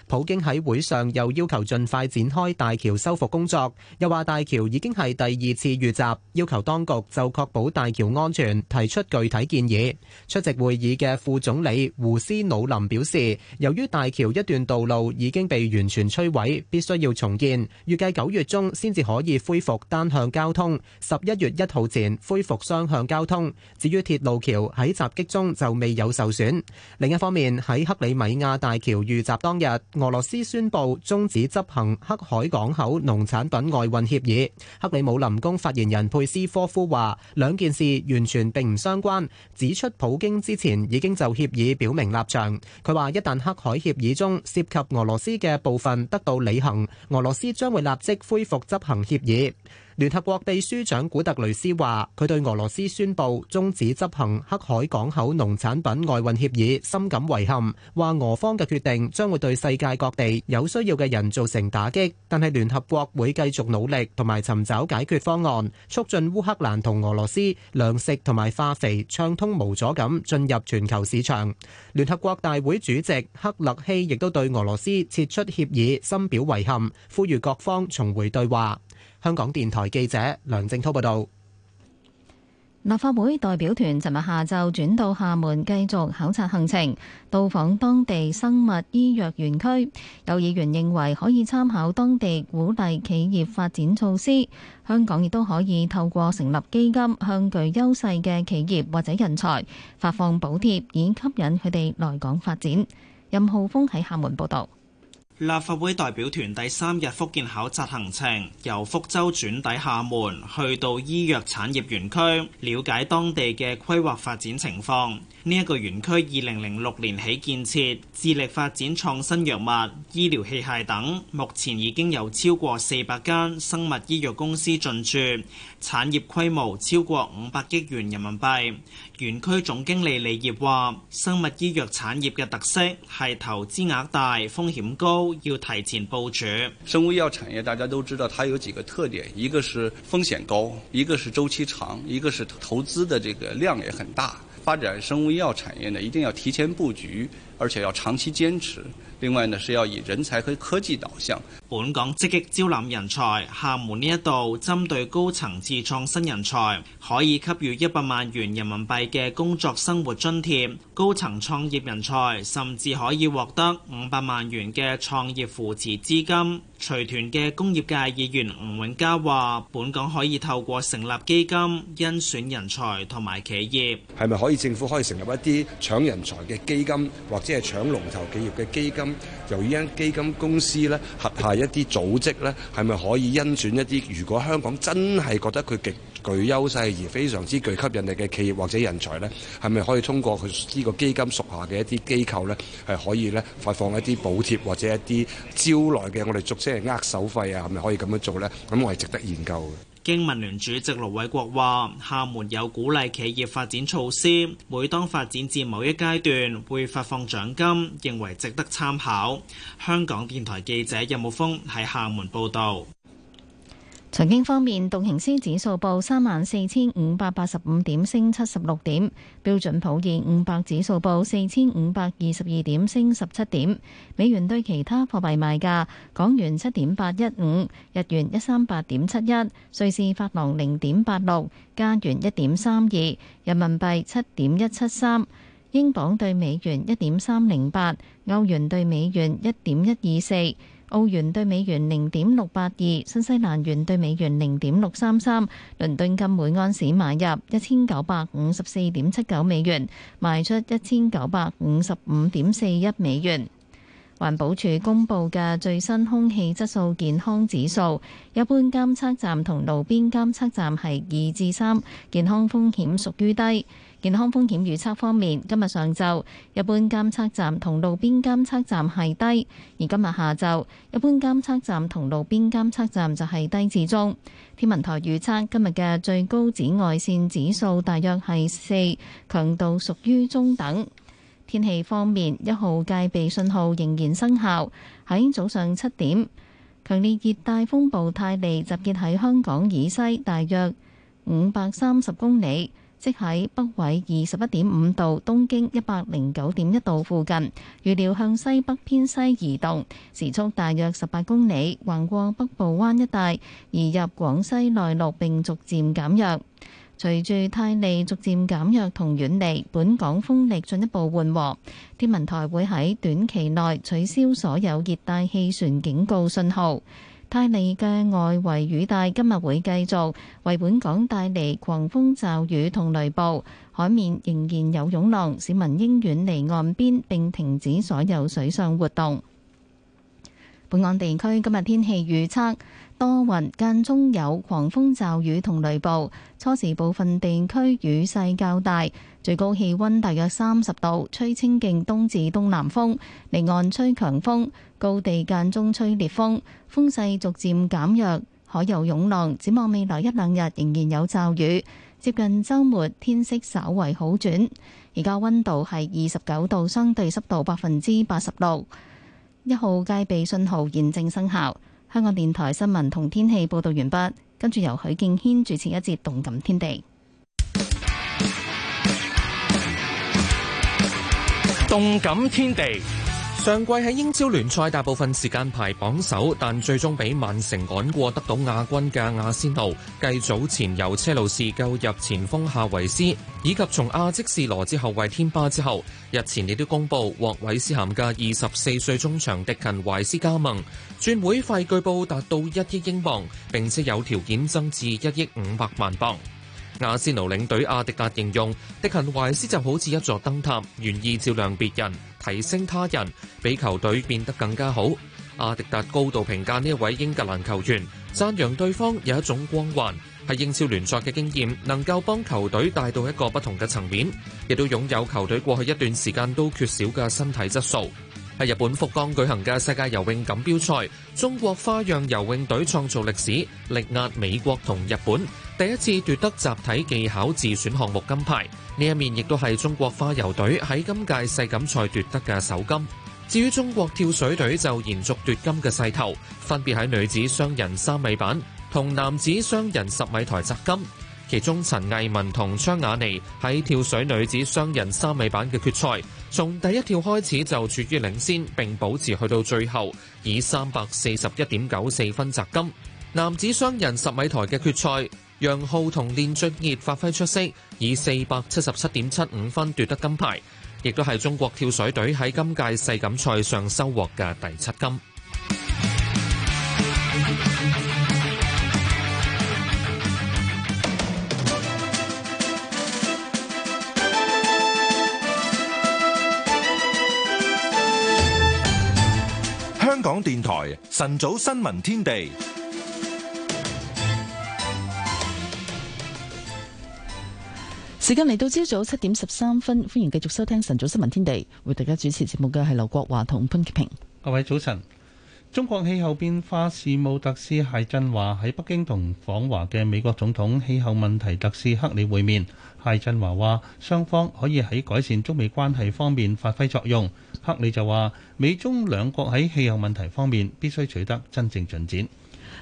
普京喺會上又要求盡快展開大橋修復工作，又話大橋已經係第二次遇襲，要求當局就確保大橋安全提出具體建議。出席會議嘅副總理胡斯努林表示，由於大橋一段道路已經被完全摧毀，必須要重建，預計九月中先至可以恢復單向交通，十一月一號前恢復雙向交通。至於鐵路橋喺襲擊中就未有受損，另一方面喺克里米亞大橋遇襲當日。俄羅斯宣布中止執行黑海港口農產品外運協議。克里姆林宮發言人佩斯科夫話：兩件事完全並唔相關，指出普京之前已經就協議表明立場。佢話：一旦黑海協議中涉及俄羅斯嘅部分得到履行，俄羅斯將會立即恢復執行協議。聯合國秘書長古特雷斯話：佢對俄羅斯宣布終止執行黑海港口農產品外運協議深感遺憾，話俄方嘅決定將會對世界各地有需要嘅人造成打擊。但係聯合國會繼續努力同埋尋找解決方案，促進烏克蘭同俄羅斯糧食同埋化肥暢通無阻咁進入全球市場。聯合國大會主席克勒希亦都對俄羅斯撤出協議深表遺憾，呼籲各方重回對話。香港電台記者梁正濤報道。立法會代表團尋日下晝轉到廈門繼續考察行程，到訪當地生物醫藥園區。有議員認為可以參考當地鼓勵企業發展措施，香港亦都可以透過成立基金，向具優勢嘅企業或者人才發放補貼，以吸引佢哋來港發展。任浩峰喺廈門報道。立法會代表團第三日福建考察行程，由福州轉抵廈門，去到醫藥產業園區，了解當地嘅規劃發展情況。呢一個園區二零零六年起建設，致力發展創新藥物、醫療器械等，目前已經有超過四百間生物醫藥公司進駐。產業規模超過五百億元人民幣。園區總經理李業話：生物醫藥產業嘅特色係投資額大、風險高，要提前部署。生物醫藥產業大家都知道，它有幾個特點，一個是風險高，一個是週期長，一個是投資的這個量也很大。發展生物醫藥產業呢，一定要提前布局，而且要長期堅持。另外呢，是要以人才和科技導向。本港積極招攬人才，廈門呢一度針對高層次創新人才，可以給予一百萬元人民幣嘅工作生活津貼，高層創業人才甚至可以獲得五百萬元嘅創業扶持資金。隨團嘅工業界議員吳永嘉話，本港可以透過成立基金，甄選人才同埋企業，係咪可以政府可以成立一啲搶人才嘅基金，或者係搶龍頭企業嘅基金，由呢啲基金公司呢，轄下一啲組織呢，係咪可以甄選一啲？如果香港真係覺得佢極具優勢而非常之具吸引力嘅企業或者人才呢，係咪可以通過佢呢個基金屬下嘅一啲機構呢，係可以呢，發放一啲補貼或者一啲招來嘅我哋俗稱係握手費啊，係咪可以咁樣做呢？咁我係值得研究嘅。經民聯主席盧偉國話，廈門有鼓勵企業發展措施，每當發展至某一階段會發放獎金，認為值得參考。香港電台記者任慕峰喺廈門報導。財經方面，道瓊斯指數報三萬四千五百八十五點，升七十六點；標準普爾五百指數報四千五百二十二點，升十七點。美元對其他貨幣賣價：港元七點八一五，日元一三八點七一，瑞士法郎零點八六，加元一點三二，人民幣七點一七三，英鎊對美元一點三零八，歐元對美元一點一二四。澳元兌美元零點六八二，新西蘭元兌美元零點六三三，倫敦金每盎司買入一千九百五十四點七九美元，賣出一千九百五十五點四一美元。環保署公布嘅最新空氣質素健康指數，一般監測站同路邊監測站係二至三，健康風險屬於低。健康風險預測方面，今日上晝一般監測站同路邊監測站係低，而今日下晝一般監測站同路邊監測站就係低至中。天文台預測今日嘅最高紫外線指數大約係四，強度屬於中等。天氣方面，一號戒備信號仍然生效。喺早上七點，強烈熱帶風暴泰利集結喺香港以西，大約五百三十公里。即喺北緯二十一點五度，東經一百零九點一度附近，預料向西北偏西移動，時速大約十八公里，橫過北部灣一帶，移入廣西內陸並逐漸減弱。隨住泰利逐漸減弱同遠離，本港風力進一步緩和，天文台會喺短期內取消所有熱帶氣旋警告信號。泰利嘅外圍雨帶今日會繼續為本港帶嚟狂風、驟雨同雷暴，海面仍然有湧浪，市民應遠離岸邊並停止所有水上活動。本港地區今日天氣預測。多雲間中有狂風驟雨同雷暴，初時部分地區雨勢較大，最高氣溫大約三十度，吹清勁東至東南風，離岸吹強風，高地間中吹烈風，風勢逐漸減弱，海有湧浪。展望未來一兩日仍然有驟雨，接近周末天色稍為好轉。而家温度係二十九度，相對濕度百分之八十六，一號戒備信號現正生效。香港電台新聞同天氣報道完畢，跟住由許敬軒主持一節《動感天地》。《動感天地》。上季喺英超聯賽大部分時間排榜首，但最終俾曼城趕過得到亞軍嘅阿仙奴。繼早前由車路士購入前鋒夏維斯，以及從阿積士羅致後衛天巴之後，日前亦都公布獲韋斯咸嘅二十四歲中場迪勤懷斯加盟，轉會費據報達到一億英鎊，並且有條件增至一億五百萬鎊。阿仙奴領隊阿迪達形容，迪勤懷斯就好似一座燈塔，願意照亮別人，提升他人，俾球隊變得更加好。阿迪達高度評價呢一位英格蘭球員，讚揚對方有一種光環，係英超聯賽嘅經驗能夠幫球隊帶到一個不同嘅層面，亦都擁有球隊過去一段時間都缺少嘅身體質素。喺日本福岡舉行嘅世界游泳錦標賽，中國花樣游泳隊創造歷史，力壓美國同日本，第一次奪得集體技巧自選項目金牌。呢一面亦都係中國花游隊喺今屆世錦賽奪得嘅首金。至於中國跳水隊就延續奪金嘅勢頭，分別喺女子雙人三米板同男子雙人十米台摘金。其中陳藝文同張雅妮喺跳水女子雙人三米板嘅決賽，從第一跳開始就處於領先，並保持去到最後，以三百四十一點九四分摘金。男子雙人十米台嘅決賽，楊昊同練俊傑發揮出色，以四百七十七點七五分奪得金牌，亦都係中國跳水隊喺今屆世錦賽上收穫嘅第七金。港電台晨早新聞天地，時間嚟到朝早七點十三分，歡迎繼續收聽晨早新聞天地，為大家主持節目嘅係劉國華同潘潔平。各位早晨，中國氣候變化事務特使解振華喺北京同訪華嘅美國總統氣候問題特使克里會面。蔡振華話：雙方可以喺改善中美關係方面發揮作用。克里就話：美中兩國喺氣候問題方面必須取得真正進展。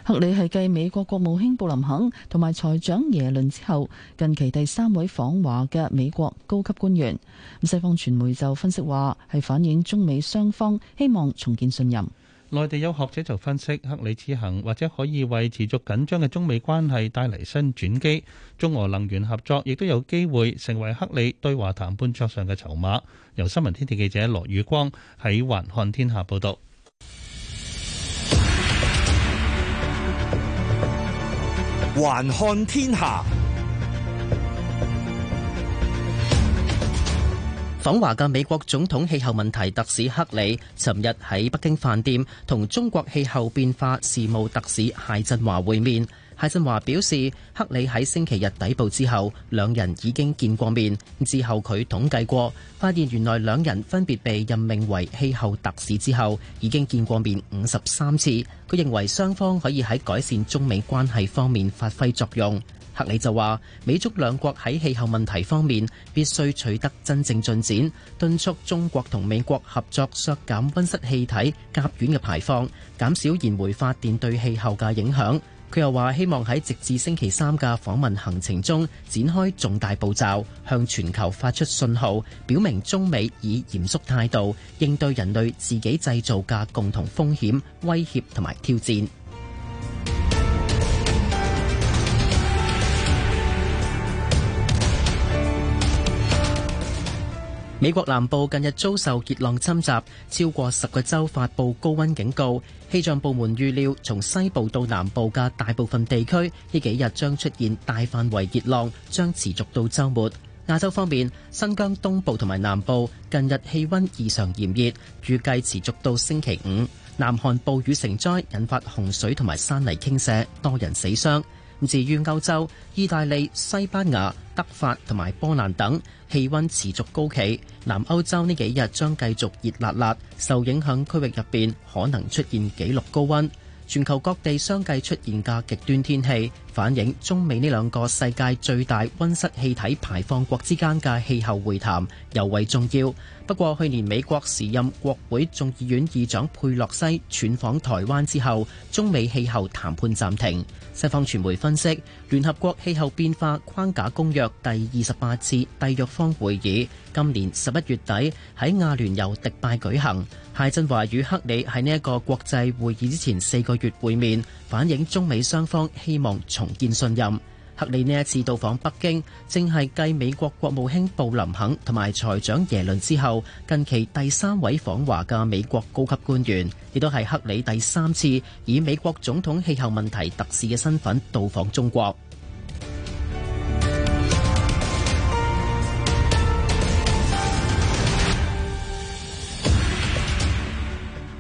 克里係繼美國國務卿布林肯同埋財長耶倫之後，近期第三位訪華嘅美國高級官員。咁西方傳媒就分析話，係反映中美雙方希望重建信任。內地有學者就分析，克里此行或者可以為持續緊張嘅中美關係帶嚟新轉機，中俄能源合作亦都有機會成為克里對話談桌上嘅籌碼。由新聞天地記者羅宇光喺《環看天下》報道，《環漢天下》。訪華嘅美國總統氣候問題特使克里，尋日喺北京飯店同中國氣候變化事務特使謝振華會面。蔡振華表示，克里喺星期日抵步之後，兩人已經見過面。之後佢統計過，發現原來兩人分別被任命為氣候特使之後，已經見過面五十三次。佢認為雙方可以喺改善中美關係方面發揮作用。克里就話：美中兩國喺氣候問題方面必須取得真正進展，敦促中國同美國合作削減溫室氣體甲烷嘅排放，減少燃煤發電對氣候嘅影響。佢又話：希望喺直至星期三嘅訪問行程中展開重大步驟，向全球發出信號，表明中美以嚴肅態度應對人類自己製造嘅共同風險、威脅同埋挑戰。 美國南部近日遭受熱浪侵襲，超過十個州發布高温警告。氣象部門預料，從西部到南部嘅大部分地區呢幾日將出現大範圍熱浪，將持續到周末。亞洲方面，新疆東部同埋南部近日氣溫異常炎熱，預計持續到星期五。南韓暴雨成災，引發洪水同埋山泥傾瀉，多人死傷。至於歐洲，意大利、西班牙、德法同埋波蘭等。氣溫持續高企，南歐洲呢幾日將繼續熱辣辣，受影響區域入邊可能出現紀錄高溫。全球各地相繼出現嘅極端天氣，反映中美呢兩個世界最大溫室氣體排放國之間嘅氣候會談尤為重要。不過去年美國時任國會眾議院議長佩洛西竄訪台灣之後，中美氣候談判暫停。西方傳媒分析，聯合國氣候變化框架公約第二十八次締約方會議今年十一月底喺阿聯酋迪拜舉行，解振華與克里喺呢一個國際會議之前四個月會面，反映中美雙方希望重建信任。克里呢一次到訪北京，正係繼美國國務卿布林肯同埋財長耶倫之後，近期第三位訪華嘅美國高級官員，亦都係克里第三次以美國總統氣候問題特使嘅身份到訪中國。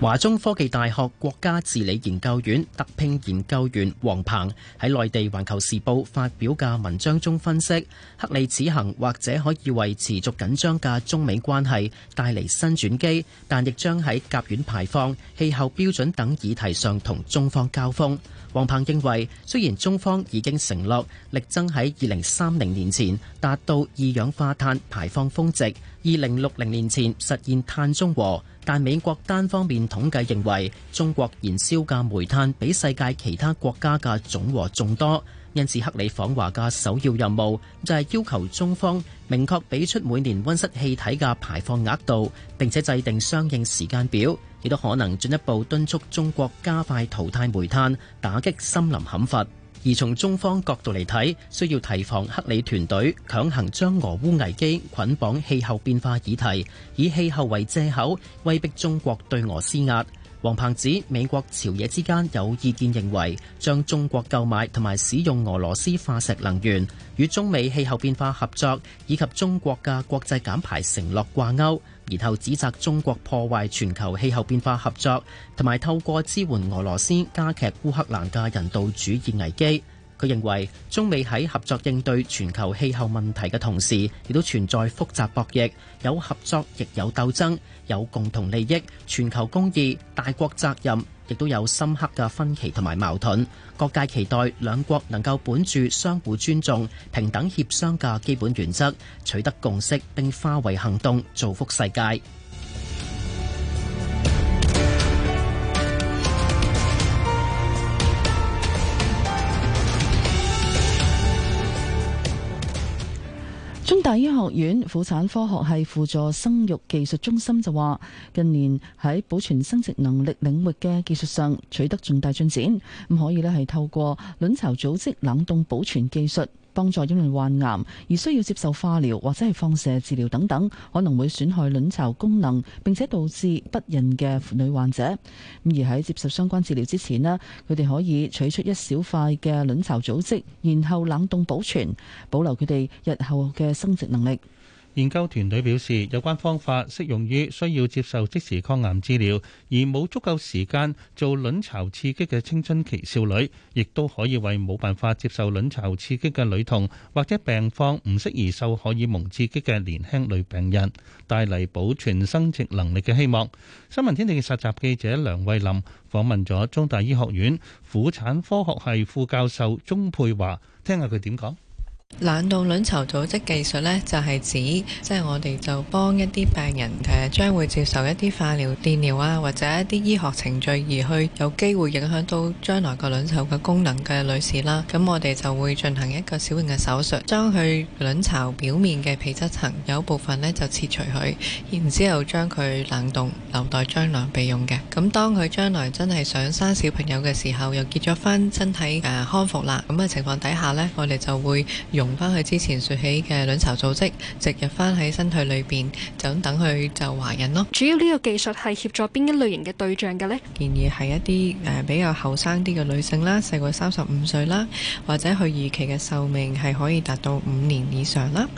華中科技大學國家治理研究院特聘研究員黃鵬喺內地環球時報發表嘅文章中分析，克利此行或者可以為持續緊張嘅中美關係帶嚟新轉機，但亦將喺甲烷排放、氣候標準等議題上同中方交鋒。黃鵬認為，雖然中方已經承諾，力爭喺二零三零年前達到二氧化碳排放峰值。二零六零年前實現碳中和，但美國單方面統計認為中國燃燒嘅煤炭比世界其他國家嘅總和仲多，因此克里訪華嘅首要任務就係、是、要求中方明確俾出每年温室氣體嘅排放額度，並且制定相應時間表，亦都可能進一步敦促中國加快淘汰煤炭，打擊森林砍伐。而從中方角度嚟睇，需要提防克里團隊強行將俄烏危機捆綁氣候變化議題，以氣候為借口威逼中國對俄施壓。黃鵬指美國朝野之間有意見認為，將中國購買同埋使用俄羅斯化石能源、與中美氣候變化合作以及中國嘅國際減排承諾掛鈎。然後指責中國破壞全球氣候變化合作，同埋透過支援俄羅斯加劇烏克蘭嘅人道主義危機。佢認為中美喺合作應對全球氣候問題嘅同時，亦都存在複雜博弈，有合作亦有鬥爭，有共同利益、全球公義、大國責任。亦都有深刻嘅分歧同埋矛盾，各界期待兩國能夠本住相互尊重、平等協商嘅基本原則，取得共識，並化為行動，造福世界。中大醫學院婦產科學系輔助生育技術中心就話，近年喺保存生殖能力領域嘅技術上取得重大進展，咁可以咧，係透過卵巢組織冷凍保存技術。幫助因為患癌而需要接受化療或者係放射治療等等，可能會損害卵巢功能，並且導致不孕嘅婦女患者。咁而喺接受相關治療之前呢，佢哋可以取出一小塊嘅卵巢組織，然後冷凍保存，保留佢哋日後嘅生殖能力。研究團隊表示，有關方法適用於需要接受即時抗癌治療而冇足夠時間做卵巢刺激嘅青春期少女，亦都可以為冇辦法接受卵巢刺激嘅女童或者病況唔適宜受荷爾蒙刺激嘅年輕女病人帶嚟保存生殖能力嘅希望。新聞天地嘅實習記者梁慧琳訪問咗中大醫學院婦產科學系副教授鍾佩華，聽下佢點講。冷凍卵巢組織技術呢，就係指即係我哋就幫一啲病人誒，將會接受一啲化療、電療啊，或者一啲醫學程序而去有機會影響到將來個卵巢嘅功能嘅女士啦。咁我哋就會進行一個小型嘅手術，將佢卵巢表面嘅皮質層有部分呢就切除佢，然之後將佢冷凍留待將來備用嘅。咁當佢將來真係想生小朋友嘅時候，又結咗婚，身體誒康復啦。咁嘅情況底下呢，我哋就會用。用翻佢之前説起嘅卵巢組織植入翻喺身體裏邊，就等佢就懷孕咯。主要呢個技術係協助邊一類型嘅對象嘅呢？建議係一啲誒、呃、比較後生啲嘅女性啦，細過三十五歲啦，或者佢預期嘅壽命係可以達到五年以上啦。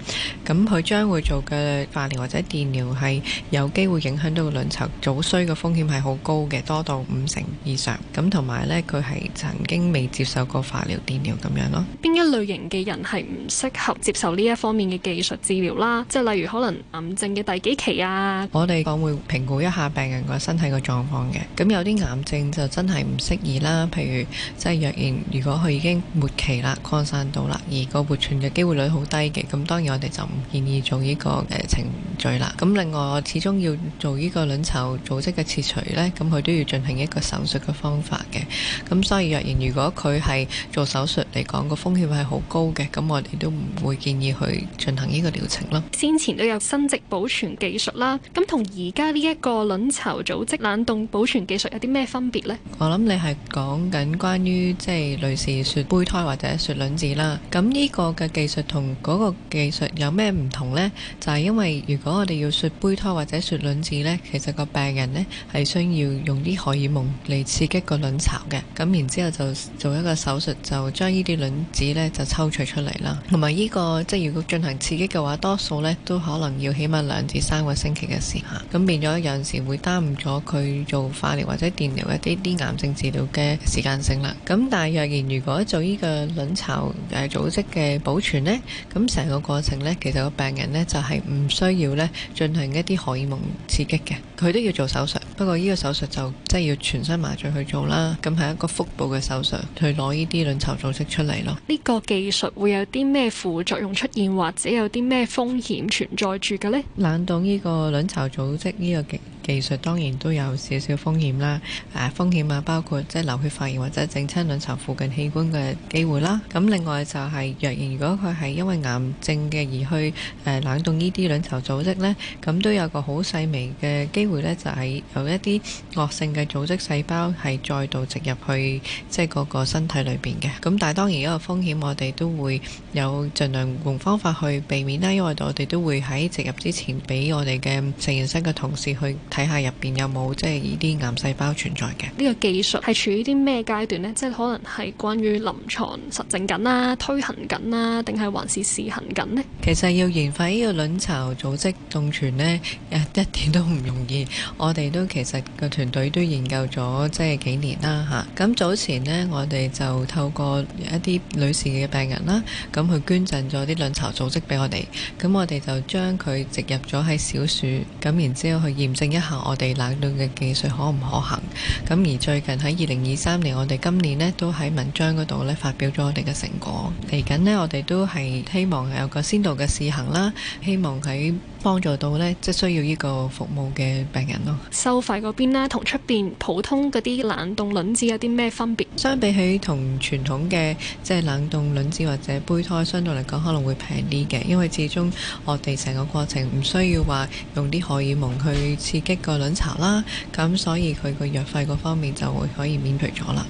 咁佢將會做嘅化療或者電療係有機會影響到卵巢早衰嘅風險係好高嘅，多到五成以上。咁同埋呢，佢係曾經未接受過化療、電療咁樣咯。邊一類型嘅人係唔適合接受呢一方面嘅技術治療啦，即係例如可能癌症嘅第幾期啊，我哋講會評估一下病人個身體個狀況嘅，咁有啲癌症就真係唔適宜啦。譬如即係若然如果佢已經末期啦，擴散到啦，而個活存嘅機會率好低嘅，咁當然我哋就唔建議做呢個誒程序啦。咁另外我始終要做呢個卵巢組織嘅切除呢，咁佢都要進行一個手術嘅方法嘅，咁所以若然如果佢係做手術嚟講個風險係好高嘅，咁我哋都唔會建議去進行呢個療程咯。先前都有生殖保存技術啦，咁同而家呢一個卵巢組織冷凍保存技術有啲咩分別呢？我諗你係講緊關於即係類似説胚胎或者説卵子啦。咁呢個嘅技術同嗰個技術有咩唔同呢？就係因為如果我哋要説胚胎或者説卵子呢，其實個病人呢係需要用啲荷爾蒙嚟刺激個卵巢嘅，咁然之後就做一個手術，就將呢啲卵子呢就抽取出嚟。同埋呢個即係如果進行刺激嘅話，多數呢都可能要起碼兩至三個星期嘅時間，咁變咗有陣時會耽誤咗佢做化療或者電療一啲啲癌症治療嘅時間性啦。咁但係若然如果做呢個卵巢，誒組織嘅保存呢，咁成個過程呢，其實個病人呢就係唔需要呢進行一啲荷爾蒙刺激嘅，佢都要做手術，不過呢個手術就即係、就是、要全身麻醉去做啦，咁係一個腹部嘅手術去攞呢啲卵巢組織出嚟咯。呢個技術會有啲咩副作用出現，或者有啲咩風險存在住嘅咧？冷凍呢個卵巢組織呢個極。技術當然都有少少風險啦，誒、啊、風險啊，包括即係流血發炎或者整親卵巢附近器官嘅機會啦。咁另外就係、是、若然如果佢係因為癌症嘅而去誒、呃、冷凍呢啲卵巢組織呢，咁都有個好細微嘅機會呢，就係、是、有一啲惡性嘅組織細胞係再度植入去即係嗰個身體裏邊嘅。咁但係當然呢個風險，我哋都會有盡量用方法去避免啦。因為我哋都會喺植入之前俾我哋嘅成人室嘅同事去。睇下入邊有冇即係呢啲癌細胞存在嘅。呢個技術係處於啲咩階段咧？即係可能係關於臨床實證緊啦、啊、推行緊啦、啊，定係還是試行緊咧？其實要研發呢個卵巢組織凍存咧，誒，一點都唔容易。我哋都其實個團隊都研究咗即係幾年啦吓，咁早前咧，我哋就透過一啲女士嘅病人啦，咁去捐贈咗啲卵巢組織俾我哋。咁我哋就將佢植入咗喺小鼠，咁然之後去驗證一下我哋冷凍嘅技術可唔可行？咁而最近喺二零二三年，我哋今年咧都喺文章嗰度咧發表咗我哋嘅成果。嚟緊咧，我哋都係希望有個先導嘅試行啦，希望喺幫助到咧即係需要呢個服務嘅病人咯。收費嗰邊咧，同出邊普通嗰啲冷凍卵子有啲咩分別？相比起同傳統嘅即係冷凍卵子或者胚胎相對嚟講可能會平啲嘅，因為始終我哋成個過程唔需要話用啲荷爾蒙去刺激。一個卵查啦，咁所以佢個藥費嗰方面就會可以免除咗啦。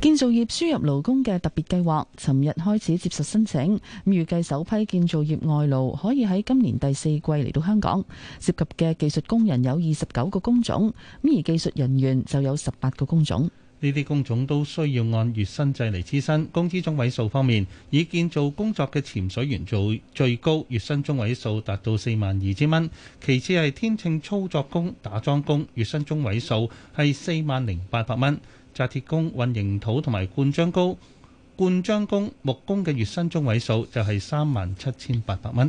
建造業輸入勞工嘅特別計劃，尋日開始接受申請，咁預計首批建造業外勞可以喺今年第四季嚟到香港，涉及嘅技術工人有二十九個工種，咁而技術人員就有十八個工種。呢啲工種都需要按月薪制嚟支薪。工資中位數方面，以建造工作嘅潛水員做最高，月薪中位數達到四萬二千蚊。其次係天秤操作工、打樁工，月薪中位數係四萬零八百蚊。紮鐵工、運營土同埋灌漿工、灌漿工、木工嘅月薪中位數就係三萬七千八百蚊。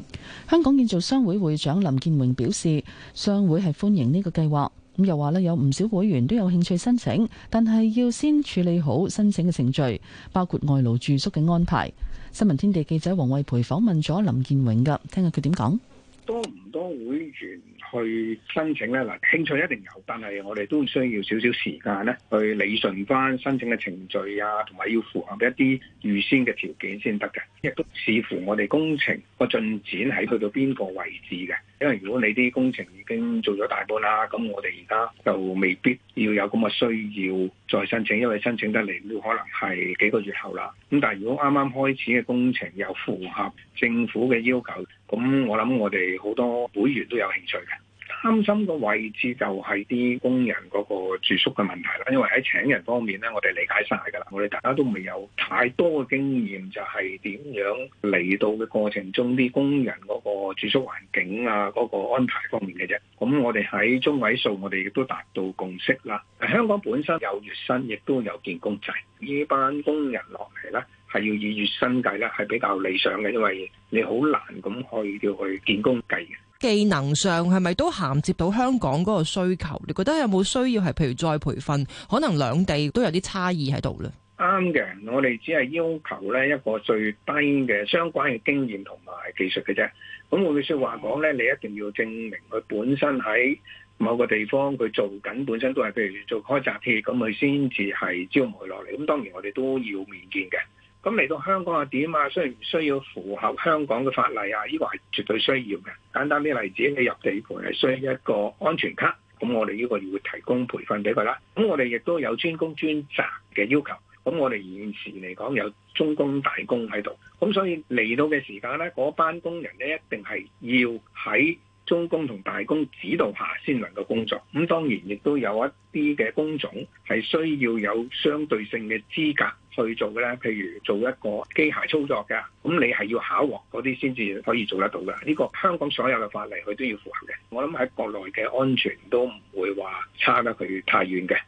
香港建造商會會長林建榮表示，商會係歡迎呢個計劃。咁又話咧，有唔少會員都有興趣申請，但係要先處理好申請嘅程序，包括外勞住宿嘅安排。新聞天地記者黃慧培訪問咗林建永噶，聽下佢點講。多唔多會員去申請咧？嗱，興趣一定有，但係我哋都需要少少時間咧去理順翻申請嘅程序啊，同埋要符合一啲預先嘅條件先得嘅，亦都視乎我哋工程個進展喺去到邊個位置嘅。因為如果你啲工程已經做咗大半啦，咁我哋而家就未必要有咁嘅需要再申請，因為申請得嚟都可能係幾個月後啦。咁但係如果啱啱開始嘅工程又符合政府嘅要求，咁我諗我哋好多會員都有興趣嘅。擔心個位置就係啲工人嗰個住宿嘅問題啦，因為喺請人方面咧，我哋理解晒㗎啦。我哋大家都未有太多嘅經驗，就係點樣嚟到嘅過程中啲工人嗰個住宿環境啊、嗰個安排方面嘅啫。咁我哋喺中位數，我哋亦都達到共識啦。香港本身有月薪，亦都有建工制，呢班工人落嚟咧，係要以月薪計咧，係比較理想嘅，因為你好難咁去叫去建工計。技能上係咪都銜接到香港嗰個需求？你覺得有冇需要係譬如再培訓？可能兩地都有啲差異喺度咧。啱嘅，我哋只係要求咧一個最低嘅相關嘅經驗同埋技術嘅啫。咁換句説話講咧，你一定要證明佢本身喺某個地方佢做緊，本身都係譬如做開紮鐵咁，佢先至係招佢落嚟。咁當然我哋都要面見嘅。咁嚟到香港係點啊？需唔需要符合香港嘅法例啊？呢個係絕對需要嘅。簡單啲例子，你入地盤係需要一個安全卡，咁我哋呢個要會提供培訓俾佢啦。咁我哋亦都有專工專責嘅要求。咁我哋現時嚟講有中工大工喺度，咁所以嚟到嘅時間咧，嗰班工人咧一定係要喺中工同大工指導下先能夠工作，咁當然亦都有一啲嘅工種係需要有相對性嘅資格去做嘅咧。譬如做一個機械操作嘅，咁你係要考核嗰啲先至可以做得到嘅。呢、這個香港所有嘅法例佢都要符合嘅。我諗喺國內嘅安全都唔會話差得佢太遠嘅。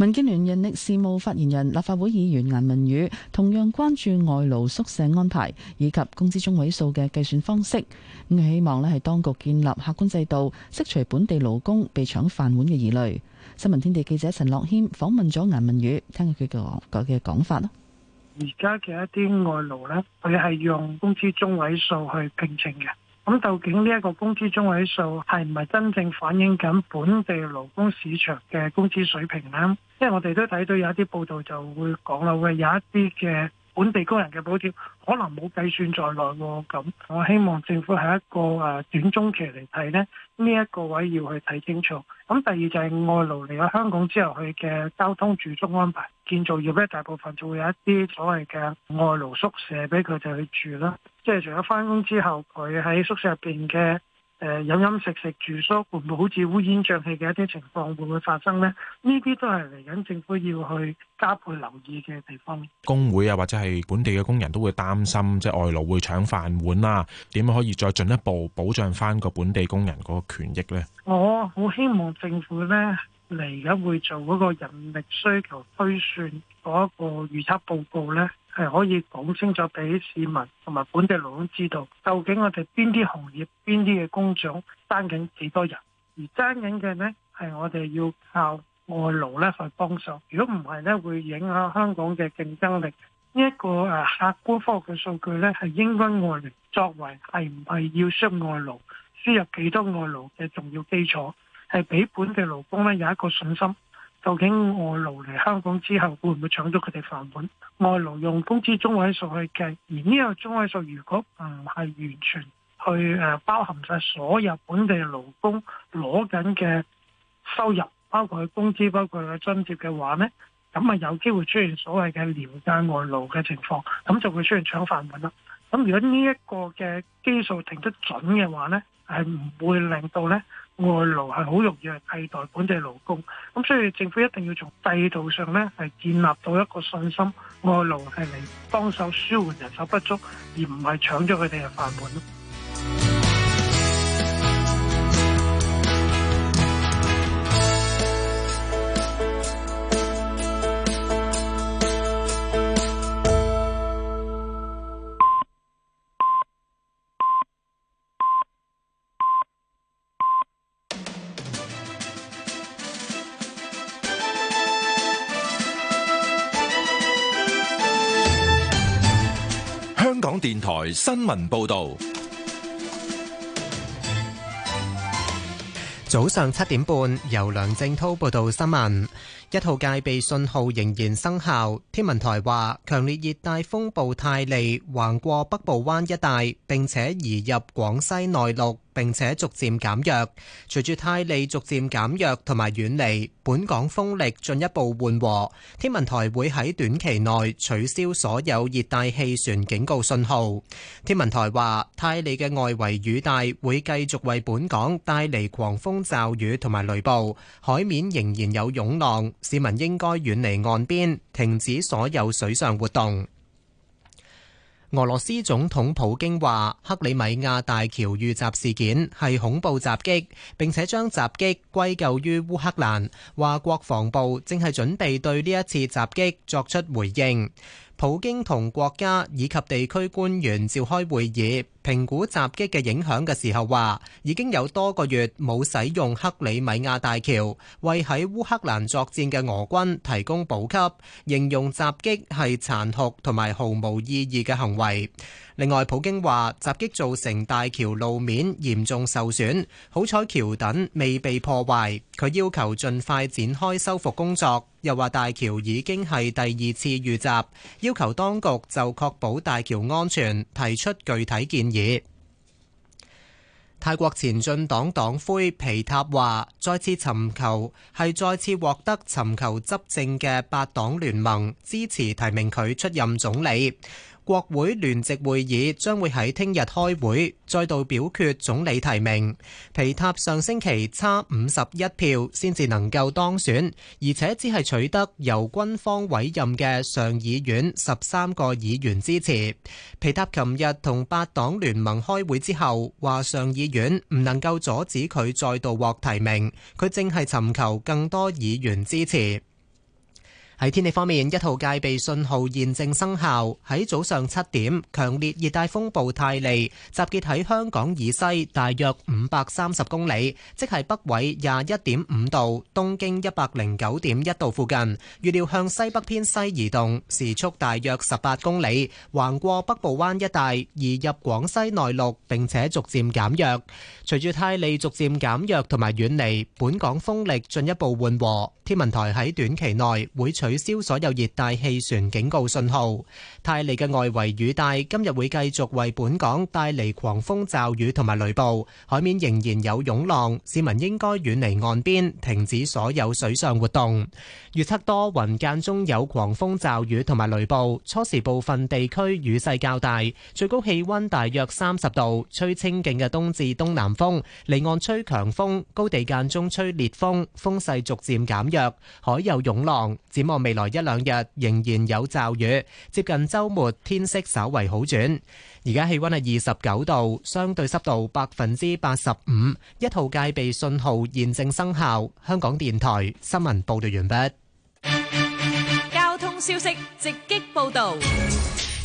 民建聯人力事務發言人、立法會議員顏文宇同樣關注外勞宿舍安排，以及工資中位數嘅計算方式，咁希望咧係當局建立客觀制度，釋除本地勞工被搶飯碗嘅疑慮。新聞天地記者陳樂謙訪問咗顏文宇，聽下佢嘅講法啦。而家嘅一啲外勞咧，佢係用工資中位數去聘請嘅。咁究竟呢一個工資中位數係唔係真正反映緊本地勞工市場嘅工資水平咧？因為我哋都睇到有一啲報道就會講啦，會有一啲嘅。本地工人嘅補貼可能冇計算在內喎，咁我希望政府係一個誒短中期嚟睇呢，呢一個位要去睇清楚。咁第二就係外勞嚟咗香港之後，佢嘅交通住宿安排，建造業咧，大部分就會有一啲所謂嘅外勞宿舍俾佢就去住啦，即係除咗翻工之後佢喺宿舍入邊嘅。誒、呃、飲飲食食住宿會唔會好似烏煙瘴氣嘅一啲情況會唔會發生呢？呢啲都係嚟緊政府要去加倍留意嘅地方。工會啊，或者係本地嘅工人都會擔心，即係外勞會搶飯碗啦、啊。點樣可以再進一步保障翻個本地工人嗰個權益呢？我好希望政府呢，嚟緊會做嗰個人力需求推算嗰一個預測報告呢。係可以講清楚俾市民同埋本地勞工知道，究竟我哋邊啲行業、邊啲嘅工種爭緊幾多人，而爭緊嘅呢，係我哋要靠外勞呢去幫手。如果唔係呢，會影響香港嘅競爭力。呢一個誒客觀科學嘅數據呢，係應該外勞作為係唔係要需外勞輸入幾多外勞嘅重要基礎，係俾本地勞工呢有一個信心。究竟外勞嚟香港之後會唔會搶咗佢哋飯碗？外勞用工資中位數去計，而呢個中位數如果唔係完全去誒包含晒所有本地勞工攞緊嘅收入，包括佢工資，包括佢津貼嘅話呢，咁咪有機會出現所謂嘅廉價外勞嘅情況，咁就會出現搶飯碗啦。咁如果呢一個嘅基數停得準嘅話呢，係唔會令到呢。外勞係好容易係替代本地勞工，咁所以政府一定要從制度上咧係建立到一個信心，外勞係嚟幫手舒緩人手不足，而唔係搶咗佢哋嘅飯碗。電台新聞報道，早上七點半由梁正濤報道新聞。一號戒備信號仍然生效。天文台話，強烈熱帶風暴泰利橫過北部灣一帶，並且移入廣西內陸。並且逐漸減弱，隨住泰利逐漸減弱同埋遠離，本港風力進一步緩和。天文台會喺短期內取消所有熱帶氣旋警告信號。天文台話，泰利嘅外圍雨帶會繼續為本港帶嚟狂風、驟雨同埋雷暴，海面仍然有湧浪，市民應該遠離岸邊，停止所有水上活動。俄羅斯總統普京話，克里米亞大橋遇襲事件係恐怖襲擊，並且將襲擊歸咎於烏克蘭，話國防部正係準備對呢一次襲擊作出回應。普京同國家以及地區官員召開會議。評估襲擊嘅影響嘅時候話，已經有多個月冇使用克里米亞大橋，為喺烏克蘭作戰嘅俄軍提供補給。形容襲擊係殘酷同埋毫無意義嘅行為。另外，普京話襲擊造成大橋路面嚴重受損，好彩橋墩未被破壞。佢要求盡快展開修復工作，又話大橋已經係第二次遇襲，要求當局就確保大橋安全，提出具體建議。而，泰國前進黨黨魁皮塔話，再次尋求係再次獲得尋求執政嘅八黨聯盟支持，提名佢出任總理。國會聯席會議將會喺聽日開會，再度表決總理提名。皮塔上星期差五十一票先至能夠當選，而且只係取得由軍方委任嘅上議院十三個議員支持。皮塔琴日同八黨聯盟開會之後，話上議院唔能夠阻止佢再度獲提名，佢正係尋求更多議員支持。喺天氣方面，一號戒備信號現正生效。喺早上七點，強烈熱帶風暴泰利集結喺香港以西大約五百三十公里，即係北緯廿一點五度、東經一百零九點一度附近。預料向西北偏西移動，時速大約十八公里，橫過北部灣一帶，移入廣西內陸，並且逐漸減弱。隨住泰利逐漸減弱同埋遠離，本港風力進一步緩和。天文台喺短期內會除。取消所有熱帶氣旋警告信號。泰利嘅外圍雨帶今日會繼續為本港帶嚟狂風驟雨同埋雷暴，海面仍然有湧浪，市民應該遠離岸邊，停止所有水上活動。預測多雲間中有狂風驟雨同埋雷暴，初時部分地區雨勢較大，最高氣溫大約三十度，吹清勁嘅東至東南風，離岸吹強風，高地間中吹烈風，風勢逐漸減弱，海有湧浪，展望。未來一兩日仍然有驟雨，接近周末天色稍為好轉。而家氣溫係二十九度，相對濕度百分之八十五，一號戒備信號現正生效。香港電台新聞報道完畢。交通消息直擊報道。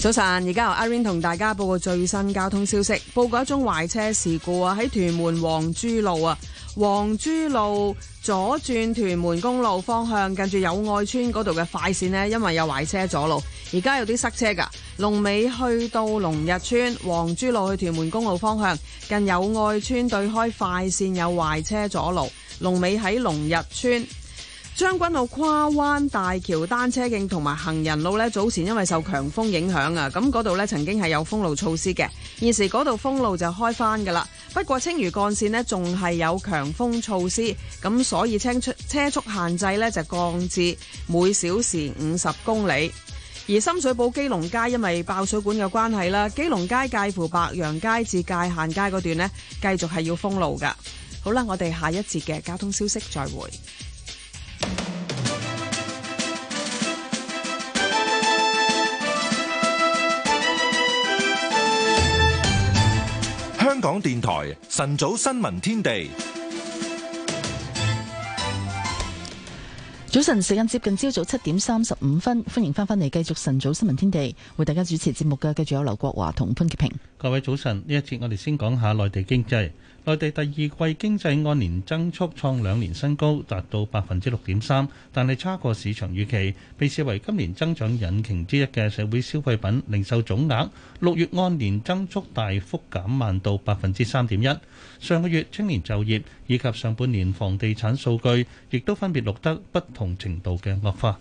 早晨，而家由阿 rain 同大家報告最新交通消息。報告一宗壞車事故啊，喺屯門黃珠路啊，黃珠路左轉屯門公路方向，近住友愛邨嗰度嘅快綫咧，因為有壞車阻路，而家有啲塞車噶。龍尾去到龍逸邨，黃珠路去屯門公路方向，近友愛邨對開快綫有壞車阻路，龍尾喺龍逸邨。將軍澳跨灣大橋單車徑同埋行人路咧，早前因為受強風影響啊，咁嗰度咧曾經係有封路措施嘅，現時嗰度封路就開翻噶啦。不過青嶼幹線呢仲係有強風措施，咁所以車速車速限制咧就降至每小時五十公里。而深水埗基隆街因為爆水管嘅關係啦，基隆街介乎白楊街至界限街嗰段呢，繼續係要封路噶。好啦，我哋下一節嘅交通消息再會。香港電台晨早新聞天地，早晨，時間接近朝早七點三十五分，歡迎翻返嚟，繼續晨早新聞天地，為大家主持節目嘅，繼續有劉國華同潘潔平。各位早晨，呢一節我哋先講下內地經濟。內地第二季經濟按年增速創兩年新高，達到百分之六點三，但係差過市場預期，被視為今年增長引擎之一嘅社會消費品零售總額，六月按年增速大幅減慢到百分之三點一。上個月青年就業以及上半年房地產數據，亦都分別錄得不同程度嘅惡化。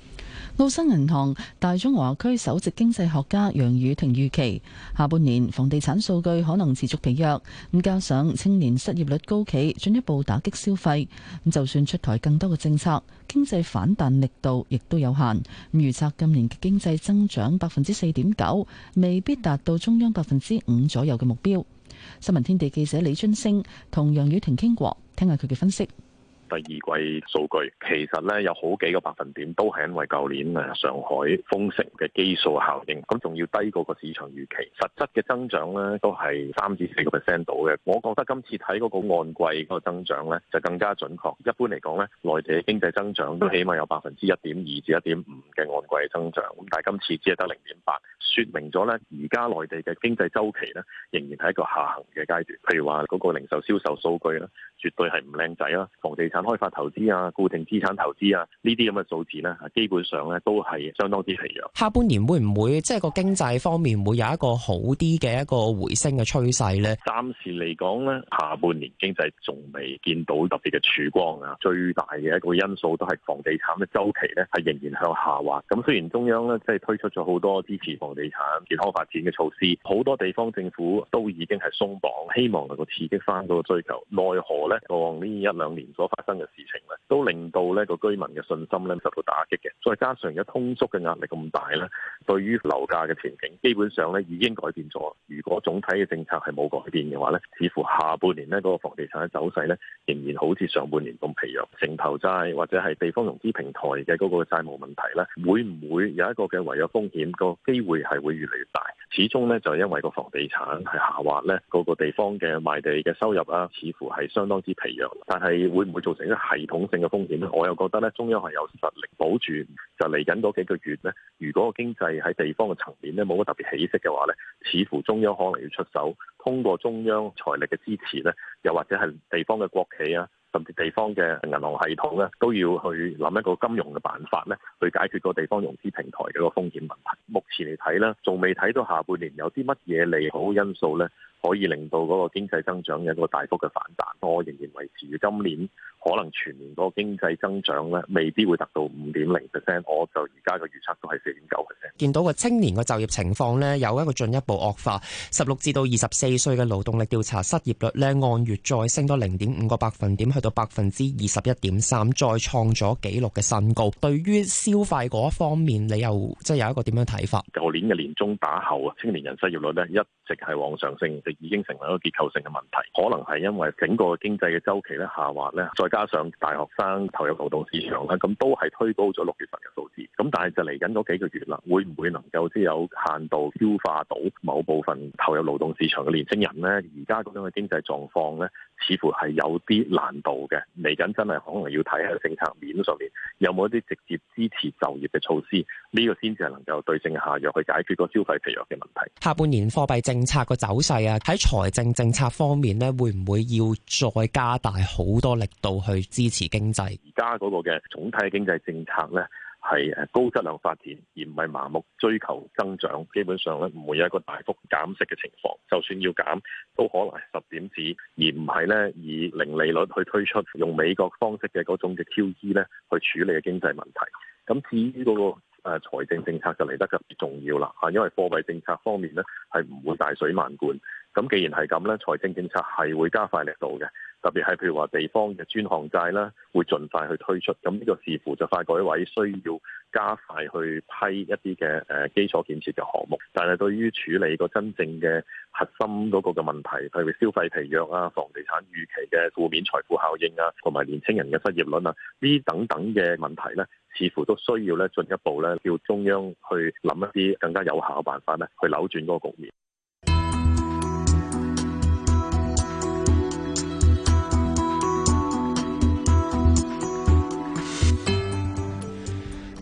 澳新銀行大中華區首席經濟學家楊宇婷預期，下半年房地產數據可能持續疲弱，咁加上青年失業率高企，進一步打擊消費。咁就算出台更多嘅政策，經濟反彈力度亦都有限。咁預測今年嘅經濟增長百分之四點九，未必達到中央百分之五左右嘅目標。新聞天地記者李津星同楊宇婷傾過，聽下佢嘅分析。第二季數據其實咧有好幾個百分點都係因為舊年誒上海封城嘅基數效應，咁仲要低過個市場預期，實質嘅增長咧都係三至四個 percent 到嘅。我覺得今次睇嗰個按季個增長咧就更加準確，一般嚟講咧，內地嘅經濟增長都起碼有百分之一點二至一點五嘅按季增長，咁但係今次只係得零點八，說明咗咧而家內地嘅經濟周期咧仍然係一個下行嘅階段。譬如話嗰個零售銷售數據咧絕對係唔靚仔啦，房地產開發投資啊、固定資產投資啊，呢啲咁嘅數字呢，基本上呢都係相當之疲弱。下半年會唔會即係個經濟方面會有一個好啲嘅一個回升嘅趨勢呢？暫時嚟講呢，下半年經濟仲未見到特別嘅曙光啊！最大嘅一個因素都係房地產嘅周期呢，係仍然向下滑。咁雖然中央呢，即係推出咗好多支持房地產健康發展嘅措施，好多地方政府都已經係鬆綁，希望能夠刺激翻嗰個需求。奈何呢，往呢一兩年所發新嘅事情咧，都令到呢個居民嘅信心咧受到打擊嘅。再加上而家通縮嘅壓力咁大咧，對於樓價嘅前景，基本上咧已經改變咗。如果總體嘅政策係冇改變嘅話咧，似乎下半年咧個房地產嘅走勢咧仍然好似上半年咁疲弱。城投債或者係地方融資平台嘅嗰個債務問題咧，會唔會有一個嘅違約風險？個機會係會越嚟越大。始終咧就係因為個房地產係下滑咧，各、嗰個地方嘅賣地嘅收入啊，似乎係相當之疲弱。但係會唔會做？成咗系統性嘅風險咧，我又覺得咧，中央係有實力保住。就嚟緊嗰幾個月咧，如果個經濟喺地方嘅層面咧冇乜特別起色嘅話咧，似乎中央可能要出手，通過中央財力嘅支持咧，又或者係地方嘅國企啊，甚至地方嘅銀行系統咧，都要去諗一個金融嘅辦法咧，去解決個地方融資平台嘅個風險問題。目前嚟睇咧，仲未睇到下半年有啲乜嘢利好因素咧。可以令到嗰個經濟增長有個大幅嘅反彈，我仍然維持今年可能全年嗰個經濟增長咧，未必會達到五點零 percent，我就而家嘅預測都係四點九 percent。見到個青年嘅就業情況咧，有一個進一步惡化，十六至到二十四歲嘅勞動力調查失業率咧，按月再升多零點五個百分點，去到百分之二十一點三，再創咗紀錄嘅新高。對於消費嗰方面，你又即係有一個點樣睇法？舊年嘅年中打後啊，青年人失業率咧一直係往上升，就已經成為一個結構性嘅問題。可能係因為整個經濟嘅周期咧下滑咧，再加上大學生投入勞動市場咧，咁都係推高咗六月份嘅數字。咁但係就嚟緊嗰幾個月啦，會唔會能夠即有限度消化到某部分投入勞動市場嘅年輕人咧？而家咁樣嘅經濟狀況咧？似乎係有啲難度嘅，嚟緊真係可能要睇下政策面上面有冇一啲直接支持就業嘅措施，呢個先至係能夠對症下藥去解決個消費疲弱嘅問題。下半年貨幣政策個走勢啊，喺財政政策方面咧，會唔會要再加大好多力度去支持經濟？而家嗰個嘅總體經濟政策咧？係誒高質量發展，而唔係盲目追求增長。基本上咧，唔會有一個大幅減息嘅情況。就算要減，都可能係十點子，而唔係咧以零利率去推出用美國方式嘅嗰種嘅 QE 咧去處理嘅經濟問題。咁至於嗰個誒財政政策就嚟得特別重要啦。嚇，因為貨幣政策方面咧係唔會大水漫灌。咁既然係咁咧，財政政策係會加快力度嘅。特別係譬如話地方嘅專項債啦，會盡快去推出。咁呢個視乎就快改一位需要加快去批一啲嘅誒基礎建設嘅項目。但係對於處理個真正嘅核心嗰個嘅問題，譬如消費疲弱啊、房地產預期嘅負面財富效應啊，同埋年青人嘅失業率啊，呢等等嘅問題咧，似乎都需要咧進一步咧叫中央去諗一啲更加有效嘅辦法咧，去扭轉嗰個局面。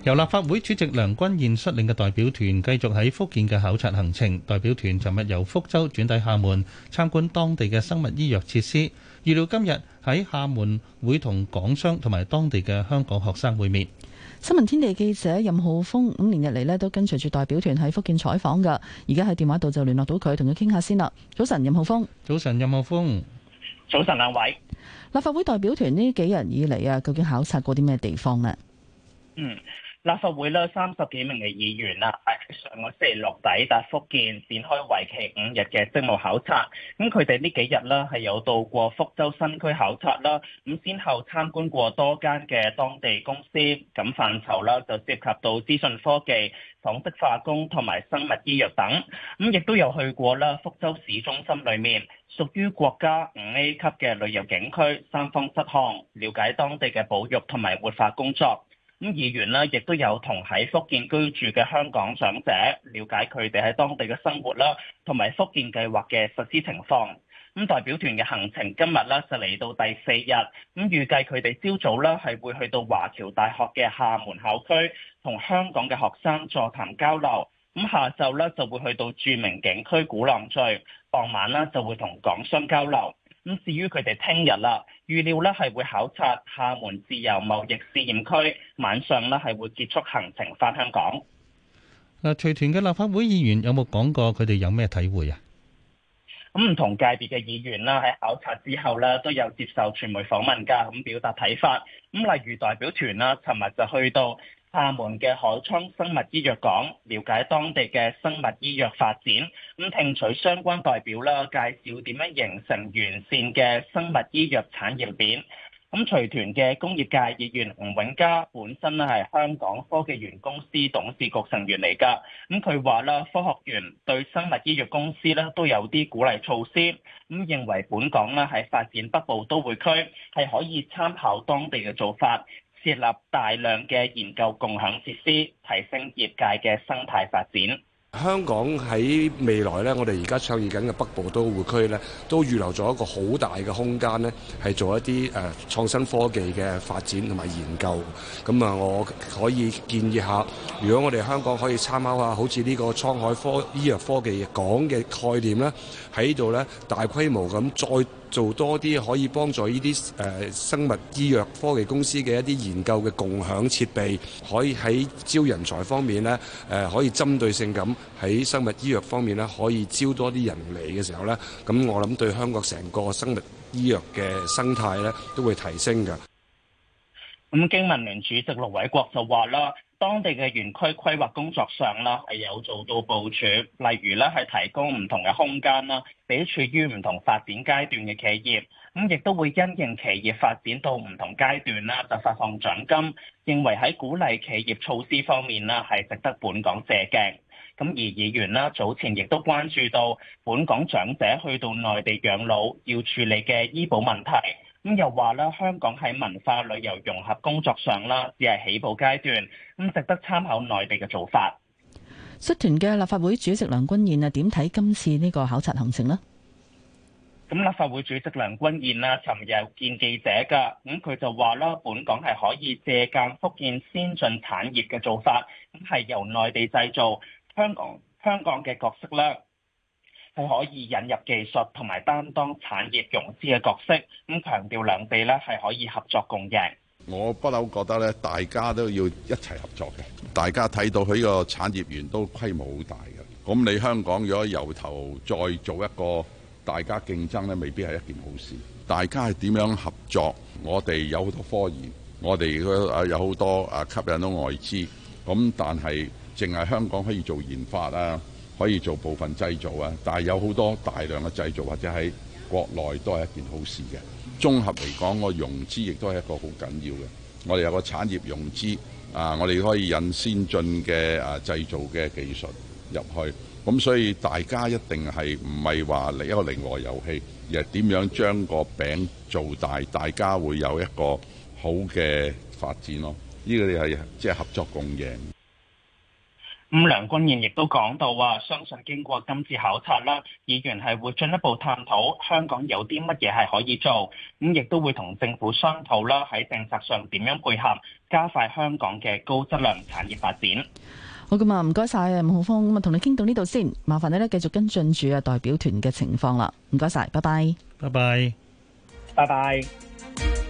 由立法會主席梁君彥率領嘅代表團繼續喺福建嘅考察行程。代表團尋日由福州轉抵廈門，參觀當地嘅生物醫藥設施。預料今日喺廈門會同港商同埋當地嘅香港學生會面。新聞天地記者任浩峰連日嚟咧都跟隨住代表團喺福建採訪噶。而家喺電話度就聯絡到佢，同佢傾下先啦。早晨，任浩峰。早晨，任浩峰。早晨，兩位。立法會代表團呢幾日以嚟啊，究竟考察過啲咩地方咧？嗯。立法會咧三十幾名嘅議員啦，喺、哎、上個星期六抵達福建展開為期五日嘅職務考察。咁佢哋呢幾日咧係有到過福州新區考察啦，咁先後參觀過多間嘅當地公司，咁範疇啦就涉及到資訊科技、紡織化工同埋生物醫藥等。咁亦都有去過啦，福州市中心裏面屬於國家五 A 級嘅旅遊景區三坊七巷，了解當地嘅保育同埋活化工作。咁議員呢，亦都有同喺福建居住嘅香港長者了解佢哋喺當地嘅生活啦，同埋福建計劃嘅實施情況。咁代表團嘅行程今日呢，就嚟到第四日，咁預計佢哋朝早呢，係會去到華僑大學嘅廈門校區，同香港嘅學生座談交流。咁下晝呢，就會去到著名景區鼓浪嶼，傍晚呢，就會同港商交流。咁至於佢哋聽日啦，預料呢係會考察廈門自由貿易試驗區，晚上呢係會結束行程返香港。嗱，隨團嘅立法會議員有冇講過佢哋有咩體會啊？咁唔同界別嘅議員啦，喺考察之後呢都有接受傳媒訪問㗎，咁表達睇法。咁例如代表團啦，尋日就去到，廈門嘅海滄生物醫藥港，了解當地嘅生物醫藥發展，咁聽取相關代表啦介紹點樣形成完善嘅生物醫藥產業鏈。咁隨團嘅工業界議員吳永嘉本身咧係香港科技園公司董事局成員嚟㗎，咁佢話啦，科學園對生物醫藥公司咧都有啲鼓勵措施，咁認為本港咧喺發展北部都會區，係可以參考當地嘅做法。設立大量嘅研究共享設施，提升業界嘅生態發展。香港喺未來咧，我哋而家創意緊嘅北部都會區咧，都預留咗一個好大嘅空間咧，係做一啲誒、呃、創新科技嘅發展同埋研究。咁啊，我可以建議下，如果我哋香港可以參考下，好似呢個滄海科醫藥科技港嘅概念咧，喺度咧大規模咁再，做多啲可以幫助呢啲誒生物醫藥科技公司嘅一啲研究嘅共享設備，可以喺招人才方面咧，誒、呃、可以針對性咁喺生物醫藥方面咧，可以招多啲人嚟嘅時候咧，咁我諗對香港成個生物醫藥嘅生態咧，都會提升噶。咁經民聯主席陸偉國就話啦。當地嘅園區規劃工作上啦，係有做到部署，例如咧係提供唔同嘅空間啦，俾處於唔同發展階段嘅企業，咁亦都會因應企業發展到唔同階段啦，就發放獎金。認為喺鼓勵企業措施方面啦，係值得本港借鏡。咁而議員啦，早前亦都關注到本港長者去到內地養老要處理嘅醫保問題。咁又話咧，香港喺文化旅遊融合工作上咧，只係起步階段，咁值得參考內地嘅做法。率團嘅立法會主席梁君彥啊，點睇今次呢個考察行程呢？咁立法會主席梁君彥啊，尋日見記者噶，咁佢就話啦，本港係可以借鑑福建先進產業嘅做法，咁係由內地製造，香港，香港嘅角色咧。係可以引入技術同埋擔當產業融資嘅角色，咁強調兩地咧係可以合作共贏。我不嬲覺得咧，大家都要一齊合作嘅。大家睇到佢個產業園都規模好大嘅，咁你香港如果由頭再做一個大家競爭咧，未必係一件好事。大家係點樣合作？我哋有好多科研，我哋個有好多啊吸引到外資，咁但係淨係香港可以做研發啦、啊。可以做部分製造啊，但係有好多大量嘅製造或者喺國內都係一件好事嘅。綜合嚟講，個融資亦都係一個好緊要嘅。我哋有個產業融資啊，我哋可以引先進嘅啊製造嘅技術入去。咁所以大家一定係唔係話嚟一個零和遊戲，而係點樣將個餅做大，大家會有一個好嘅發展咯。呢個就係即係合作共贏。咁梁君彥亦都講到啊，相信經過今次考察啦，議員係會進一步探討香港有啲乜嘢係可以做，咁亦都會同政府商討啦，喺政策上點樣配合，加快香港嘅高質量產業發展。好咁啊，唔該晒，啊，伍浩峰，我同你傾到呢度先，麻煩你咧繼續跟進住啊，代表團嘅情況啦。唔該晒，拜拜，拜拜，拜拜。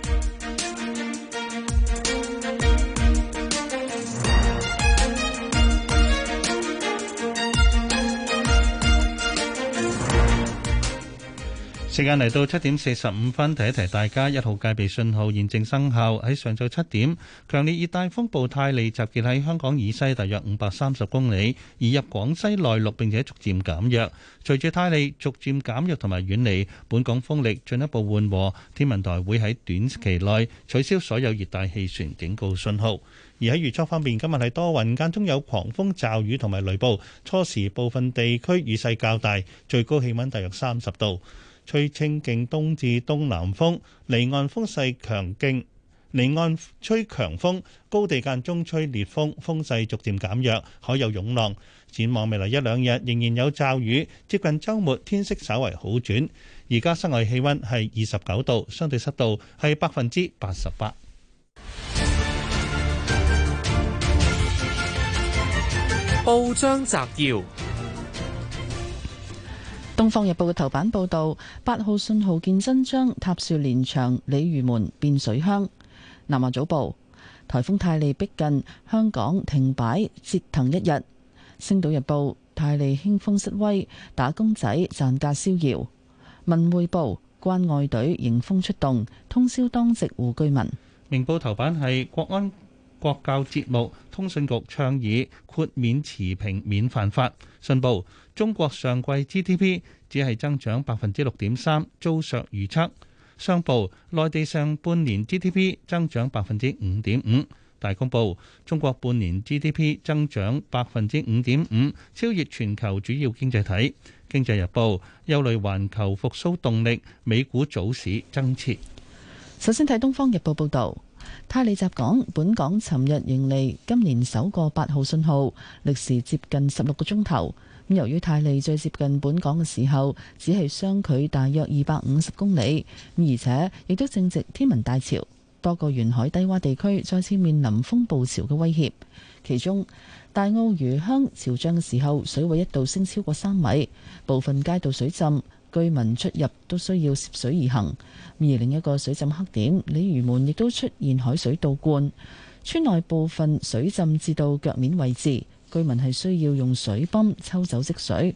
時間嚟到七點四十五分，提一提大家，一號戒備信號現正生效。喺上晝七點，強烈熱帶風暴泰利集結喺香港以西，大約五百三十公里，移入廣西內陸，並且逐漸減弱。隨住泰利逐漸減弱同埋遠離，本港風力進一步緩和。天文台會喺短期內取消所有熱帶氣旋警告信號。而喺預測方面，今日係多雲間中有狂風、驟雨同埋雷暴，初時部分地區雨勢較大，最高氣溫大約三十度。吹清勁東至東南風，離岸風勢強勁，離岸吹強風，高地間中吹烈風，風勢逐漸減弱，海有湧浪。展望未來一兩日仍然有驟雨，接近周末天色稍為好轉。而家室外氣温係二十九度，相對濕度係百分之八十八。報章摘要。東方日報嘅頭版報道：八號信號見真章，塌樹連場鯉魚門變水鄉。南華早報：颱風泰利逼近，香港停擺折騰一日。星島日報：泰利興風失威，打工仔賺假逍遙。文匯報：關愛隊迎風出動，通宵當值護居民。明報頭版係國安。國教節目，通訊局倡議豁免持平免犯法。信報：中國上季 GDP 只係增長百分之六點三，遭削預測。商報：內地上半年 GDP 增長百分之五點五。大公報：中國半年 GDP 增長百分之五點五，超越全球主要經濟體。經濟日報：憂慮環球復蘇動力，美股早市增設。首先睇東方日報報道。泰利襲港，本港尋日迎嚟今年首個八號信號，歷時接近十六個鐘頭。由於泰利最接近本港嘅時候，只係相距大約二百五十公里，而且亦都正值天文大潮，多個沿海低窪地區再次面臨風暴潮嘅威脅。其中大澳漁鄉潮漲嘅時候，水位一度升超過三米，部分街道水浸。居民出入都需要涉水而行，而另一個水浸黑點，鯉魚門亦都出現海水倒灌，村內部分水浸至到腳面位置，居民係需要用水泵抽走積水。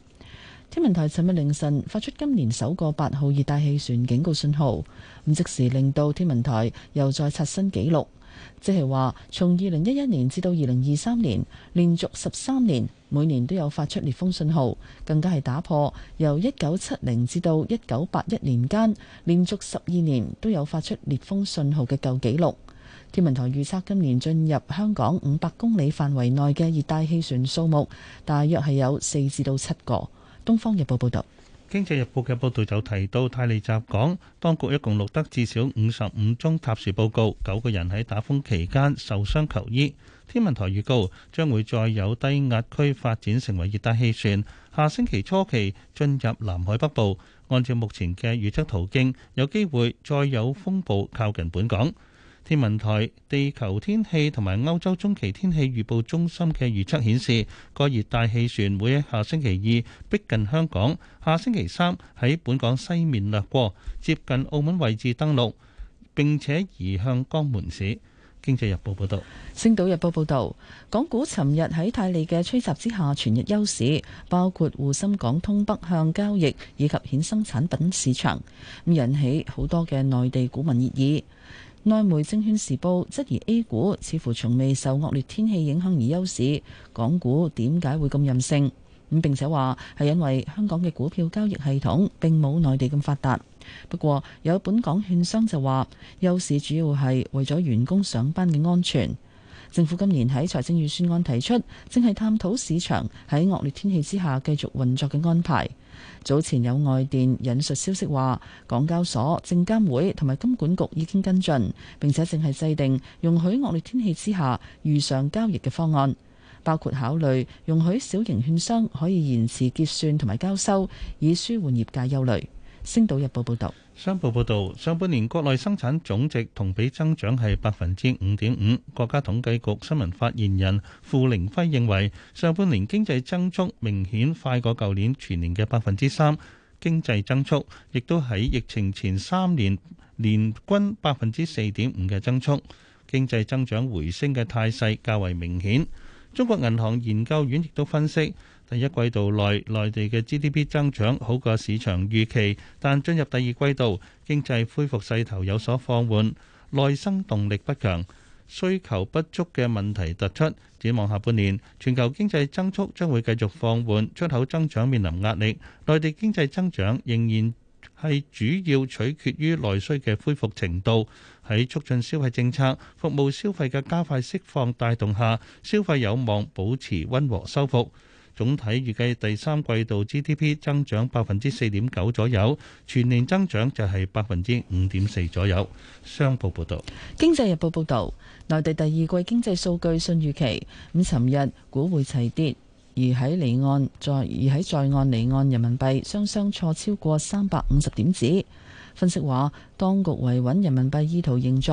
天文台尋日凌晨發出今年首個八號熱帶氣旋警告信號，咁即時令到天文台又再刷新紀錄。即係話，從二零一一年至到二零二三年，連續十三年每年都有發出烈風信號，更加係打破由一九七零至到一九八一年間連續十二年都有發出烈風信號嘅舊紀錄。天文台預測今年進入香港五百公里範圍內嘅熱帶氣旋數目大約係有四至到七個。東方日報報道。《經濟日報》嘅報導就提到，泰利襲港，當局一共錄得至少五十五宗塌樹報告，九個人喺打風期間受傷求醫。天文台預告，將會再有低壓區發展成為熱帶氣旋，下星期初期進入南海北部。按照目前嘅預測途徑，有機會再有風暴靠近本港。天文台、地球天氣同埋歐洲中期天氣預報中心嘅預測顯示，個熱帶氣旋會喺下星期二逼近香港，下星期三喺本港西面掠過，接近澳門位置登陸，並且移向江門市。經濟日報報道。星島日報報道，港股尋日喺泰利嘅吹襲之下全日休市，包括滬深港通北向交易以及衍生產品市場，咁引起好多嘅內地股民熱議。內媒《證券時報》質疑 A 股似乎從未受惡劣天氣影響而休市，港股點解會咁任性？咁並且話係因為香港嘅股票交易系統並冇內地咁發達。不過有本港券商就話休市主要係為咗員工上班嘅安全。政府今年喺財政預算案提出，正係探討市場喺惡劣天氣之下繼續運作嘅安排。早前有外電引述消息話港交所、證監會同埋金管局已經跟進，並且正係制定容許惡劣天氣之下如常交易嘅方案，包括考慮容許小型券商可以延遲結算同埋交收，以舒緩業界憂慮。星島日報報道，商報報道，上半年國內生產總值同比增長係百分之五點五。國家統計局新聞發言人付凌暉認為，上半年經濟增速明顯快過舊年全年嘅百分之三，經濟增速亦都喺疫情前三年年均百分之四點五嘅增速，經濟增長回升嘅態勢較為明顯。中國銀行研究院亦都分析。第一季度內內地嘅 GDP 增長好過市場預期，但進入第二季度，經濟恢復勢頭有所放緩，內生動力不強，需求不足嘅問題突出。展望下半年，全球經濟增速將會繼續放緩，出口增長面臨壓力。內地經濟增長仍然係主要取決於內需嘅恢復程度。喺促進消費政策、服務消費嘅加快釋放帶動下，消費有望保持溫和收復。總體預計第三季度 GDP 增長百分之四點九左右，全年增長就係百分之五點四左右。商報報導，《經濟日報》報導，內地第二季經濟數據遜預期。五尋日股匯齊跌，而喺離岸而在而喺在岸離岸人民幣雙雙挫超過三百五十點子。分析話，當局維穩人民幣意圖仍在，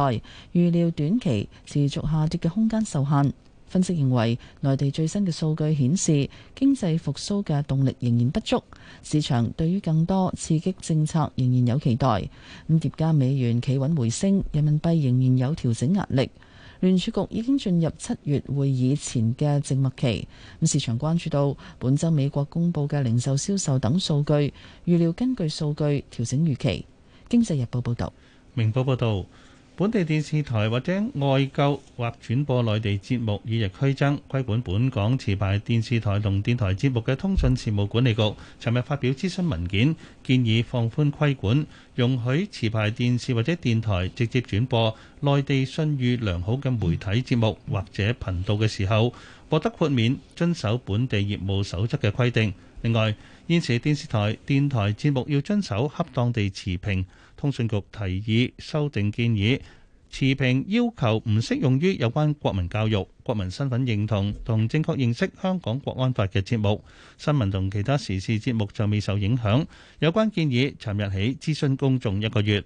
預料短期持續下跌嘅空間受限。分析認為，內地最新嘅數據顯示，經濟復甦嘅動力仍然不足，市場對於更多刺激政策仍然有期待。咁疊加美元企穩回升，人民幣仍然有調整壓力。聯儲局已經進入七月會議前嘅靜默期，咁市場關注到本週美國公佈嘅零售銷售等數據，預料根據數據調整預期。經濟日報報道。明報報道。本地電視台或者外購或轉播內地節目與日俱增，規管本港持牌電視台同電台節目嘅通訊事務管理局，尋日發表諮詢文件，建議放寬規管，容許持牌電視或者電台直接轉播內地信譽良好嘅媒體節目或者頻道嘅時候，獲得豁免遵守本地業務守則嘅規定。另外，現時電視台電台節目要遵守恰當地持平。通訊局提議修訂建議，持平要求唔適用於有關國民教育、國民身份認同同正確認識香港國安法嘅節目，新聞同其他時事節目就未受影響。有關建議，尋日起諮詢公眾一個月。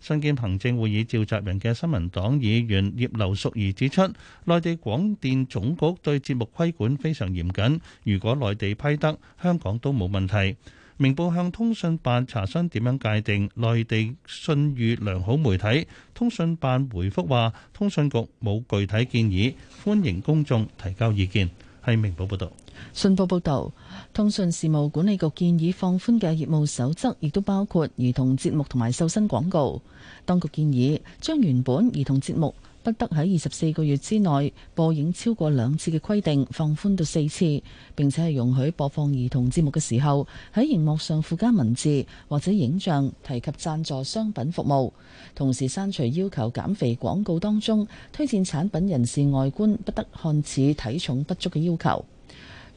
身兼行政會議召集人嘅新民黨議員葉劉淑儀指出，內地廣電總局對節目規管非常嚴謹，如果內地批得，香港都冇問題。明報向通訊辦查詢點樣界定內地信譽良好媒體，通訊辦回覆話：通訊局冇具體建議，歡迎公眾提交意見。係明報報導。信報報導，通訊事務管理局建議放寬嘅業務守則，亦都包括兒童節目同埋瘦身廣告。當局建議將原本兒童節目不得喺二十四個月之內播映超過兩次嘅規定放寬到四次，並且係容許播放兒童節目嘅時候喺熒幕上附加文字或者影像提及贊助商品服務，同時刪除要求減肥廣告當中推薦產品人士外觀不得看似體重不足嘅要求。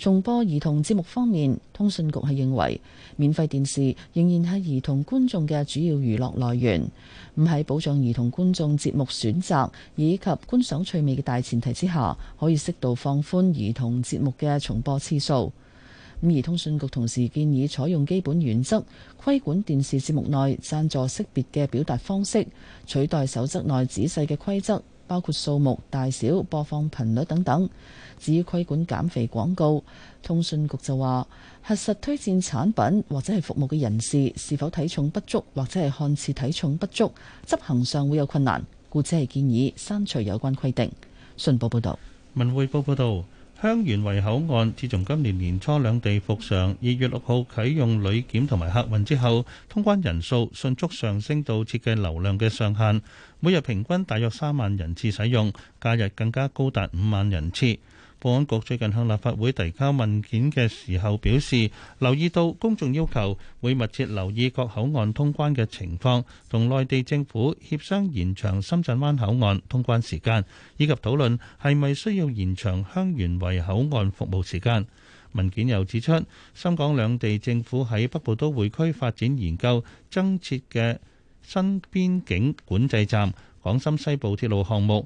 重播兒童節目方面，通訊局係認為免費電視仍然係兒童觀眾嘅主要娛樂來源，唔喺保障兒童觀眾節目選擇以及觀賞趣味嘅大前提之下，可以適度放寬兒童節目嘅重播次數。咁而通訊局同時建議採用基本原則規管電視節目內贊助識別嘅表達方式，取代守則內仔細嘅規則，包括數目、大小、播放頻率等等。至於規管減肥廣告，通訊局就話，核實推薦產品或者係服務嘅人士是否體重不足或者係看似體重不足，執行上會有困難，故只係建議刪除有關規定。信報報導。文匯報報導，香園圍口岸自從今年年初兩地復常，二月六號啟用旅檢同埋客運之後，通關人數迅速上升到設計嘅流量嘅上限，每日平均大約三萬人次使用，假日更加高達五萬人次。保安局最近向立法會提交文件嘅時候表示，留意到公眾要求，會密切留意各口岸通關嘅情況，同內地政府協商延長深圳灣口岸通關時間，以及討論係咪需要延長香園圍口岸服務時間。文件又指出，深港兩地政府喺北部都會區發展研究增設嘅新邊境管制站、廣深西部鐵路項目。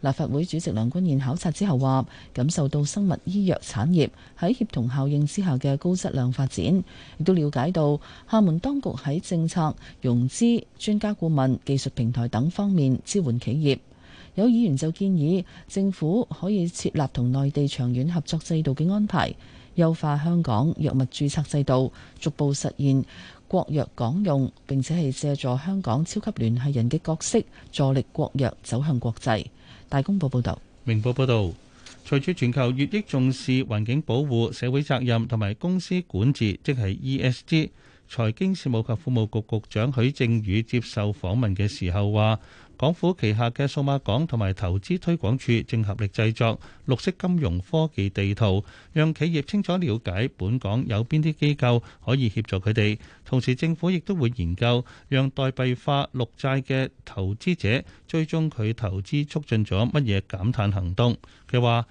立法會主席梁君彥考察之後話，感受到生物醫藥產業喺協同效應之下嘅高質量發展，亦都了解到廈門當局喺政策、融資、專家顧問、技術平台等方面支援企業。有議員就建議政府可以設立同內地長遠合作制度嘅安排，優化香港藥物註冊制度，逐步實現國藥港用，並且係借助香港超級聯繫人嘅角色助力國藥走向國際。大公報報道，明報報道，隨住全球越益重視環境保護社會責任同埋公司管治，即係 ESG。財經事務及庫務局局長許正宇接受訪問嘅時候話。港府旗下嘅數碼港同埋投資推廣署，正合力製作綠色金融科技地圖，讓企業清楚了解本港有邊啲機構可以協助佢哋。同時政府亦都會研究，讓代幣化綠債嘅投資者追蹤佢投資促進咗乜嘢減碳行動。佢話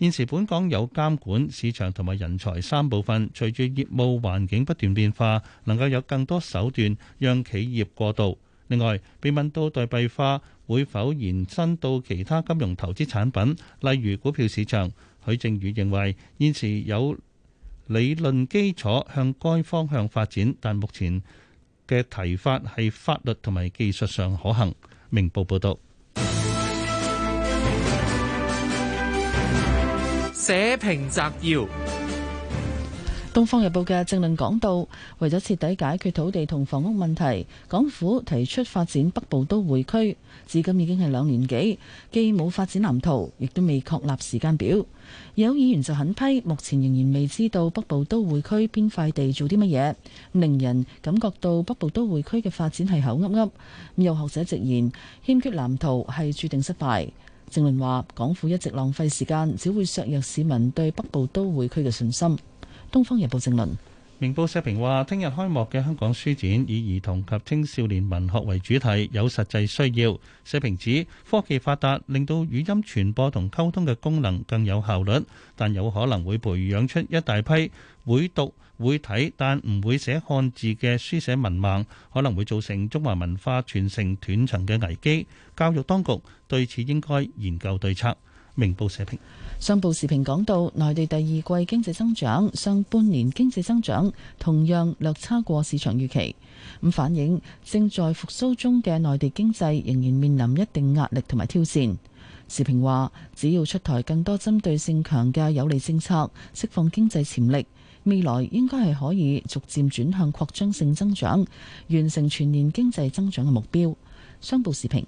現時本港有監管市場同埋人才三部分，隨住業務環境不斷變化，能夠有更多手段讓企業過渡。另外，被問到代幣化會否延伸到其他金融投資產品，例如股票市場，許正宇認為現時有理論基礎向該方向發展，但目前嘅提法係法律同埋技術上可行。明報報導。社評摘要。《東方日報》嘅政論講到，為咗徹底解決土地同房屋問題，港府提出發展北部都會區，至今已經係兩年幾，既冇發展藍圖，亦都未確立時間表。有議員就狠批，目前仍然未知道北部都會區邊塊地做啲乜嘢，令人感覺到北部都會區嘅發展係口噏噏。有學者直言，欠缺藍圖係注定失敗。政論話，港府一直浪費時間，只會削弱市民對北部都會區嘅信心。《東方日報》正論，《明報》社評話：聽日開幕嘅香港書展以兒童及青少年文學為主題，有實際需要。社評指科技發達令到語音傳播同溝通嘅功能更有效率，但有可能會培養出一大批會讀會睇但唔會寫漢字嘅書寫文盲，可能會造成中華文化傳承斷層嘅危機。教育當局對此應該研究對策。明報社評，商報時評講到，內地第二季經濟增長，上半年經濟增長同樣略差過市場預期，咁反映正在復甦中嘅內地經濟仍然面臨一定壓力同埋挑戰。時評話，只要出台更多針對性強嘅有利政策，釋放經濟潛力，未來應該係可以逐漸轉向擴張性增長，完成全年經濟增長嘅目標。商報時評，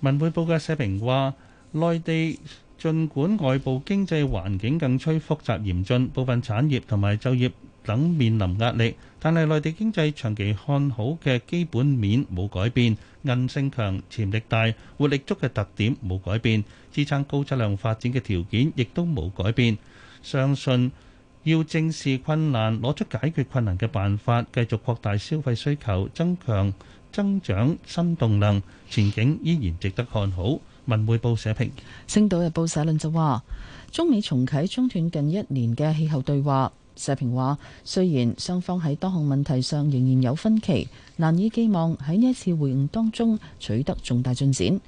文匯報嘅社評話，內地。儘管外部經濟環境更趨複雜嚴峻，部分產業同埋就業等面臨壓力，但係內地經濟長期看好嘅基本面冇改變，韌性強、潛力大、活力足嘅特點冇改變，支撐高質量發展嘅條件亦都冇改變。相信要正視困難，攞出解決困難嘅辦法，繼續擴大消費需求，增強增長新動能，前景依然值得看好。文匯報社評，《星島日報》社論就話：中美重啟中斷近一年嘅氣候對話。社評話，雖然雙方喺多項問題上仍然有分歧，難以寄望喺呢一次會晤當中取得重大進展。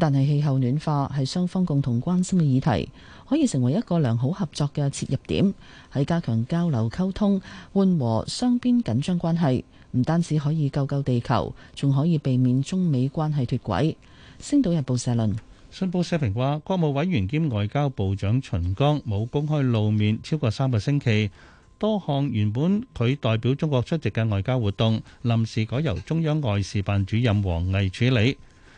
但係氣候暖化係雙方共同關心嘅議題，可以成為一個良好合作嘅切入點，喺加強交流溝通，緩和雙邊緊張關係。唔單止可以救救地球，仲可以避免中美關係脱軌。《星島日報》社論：信報社評話，國務委員兼外交部長秦剛冇公開露面超過三個星期，多項原本佢代表中國出席嘅外交活動，臨時改由中央外事辦主任王毅處理。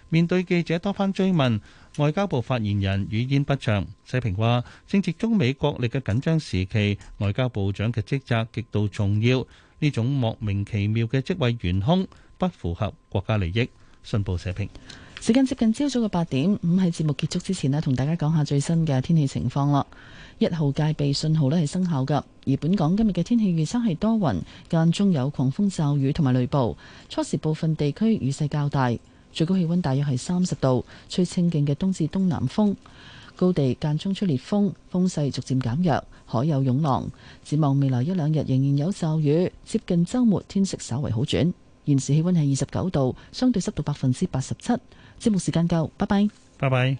面對記者多番追問，外交部發言人語焉不詳。社評話：正值中美國力嘅緊張時期，外交部長嘅職責極度重要。呢種莫名其妙嘅職位懸空，不符合國家利益。信報社評。時間接近朝早嘅八點，五喺節目結束之前呢，同大家講下最新嘅天氣情況啦。一號戒備信號呢係生效嘅，而本港今日嘅天氣預測係多雲，間中有狂風驟雨同埋雷暴，初時部分地區雨勢較大，最高氣溫大約係三十度，吹清勁嘅東至東南風，高地間中出烈風，風勢逐漸減弱，海有湧浪。展望未來一兩日仍然有驟雨，接近週末天色稍為好轉。現時氣溫係二十九度，相對濕度百分之八十七。節目時間夠，拜拜，拜拜。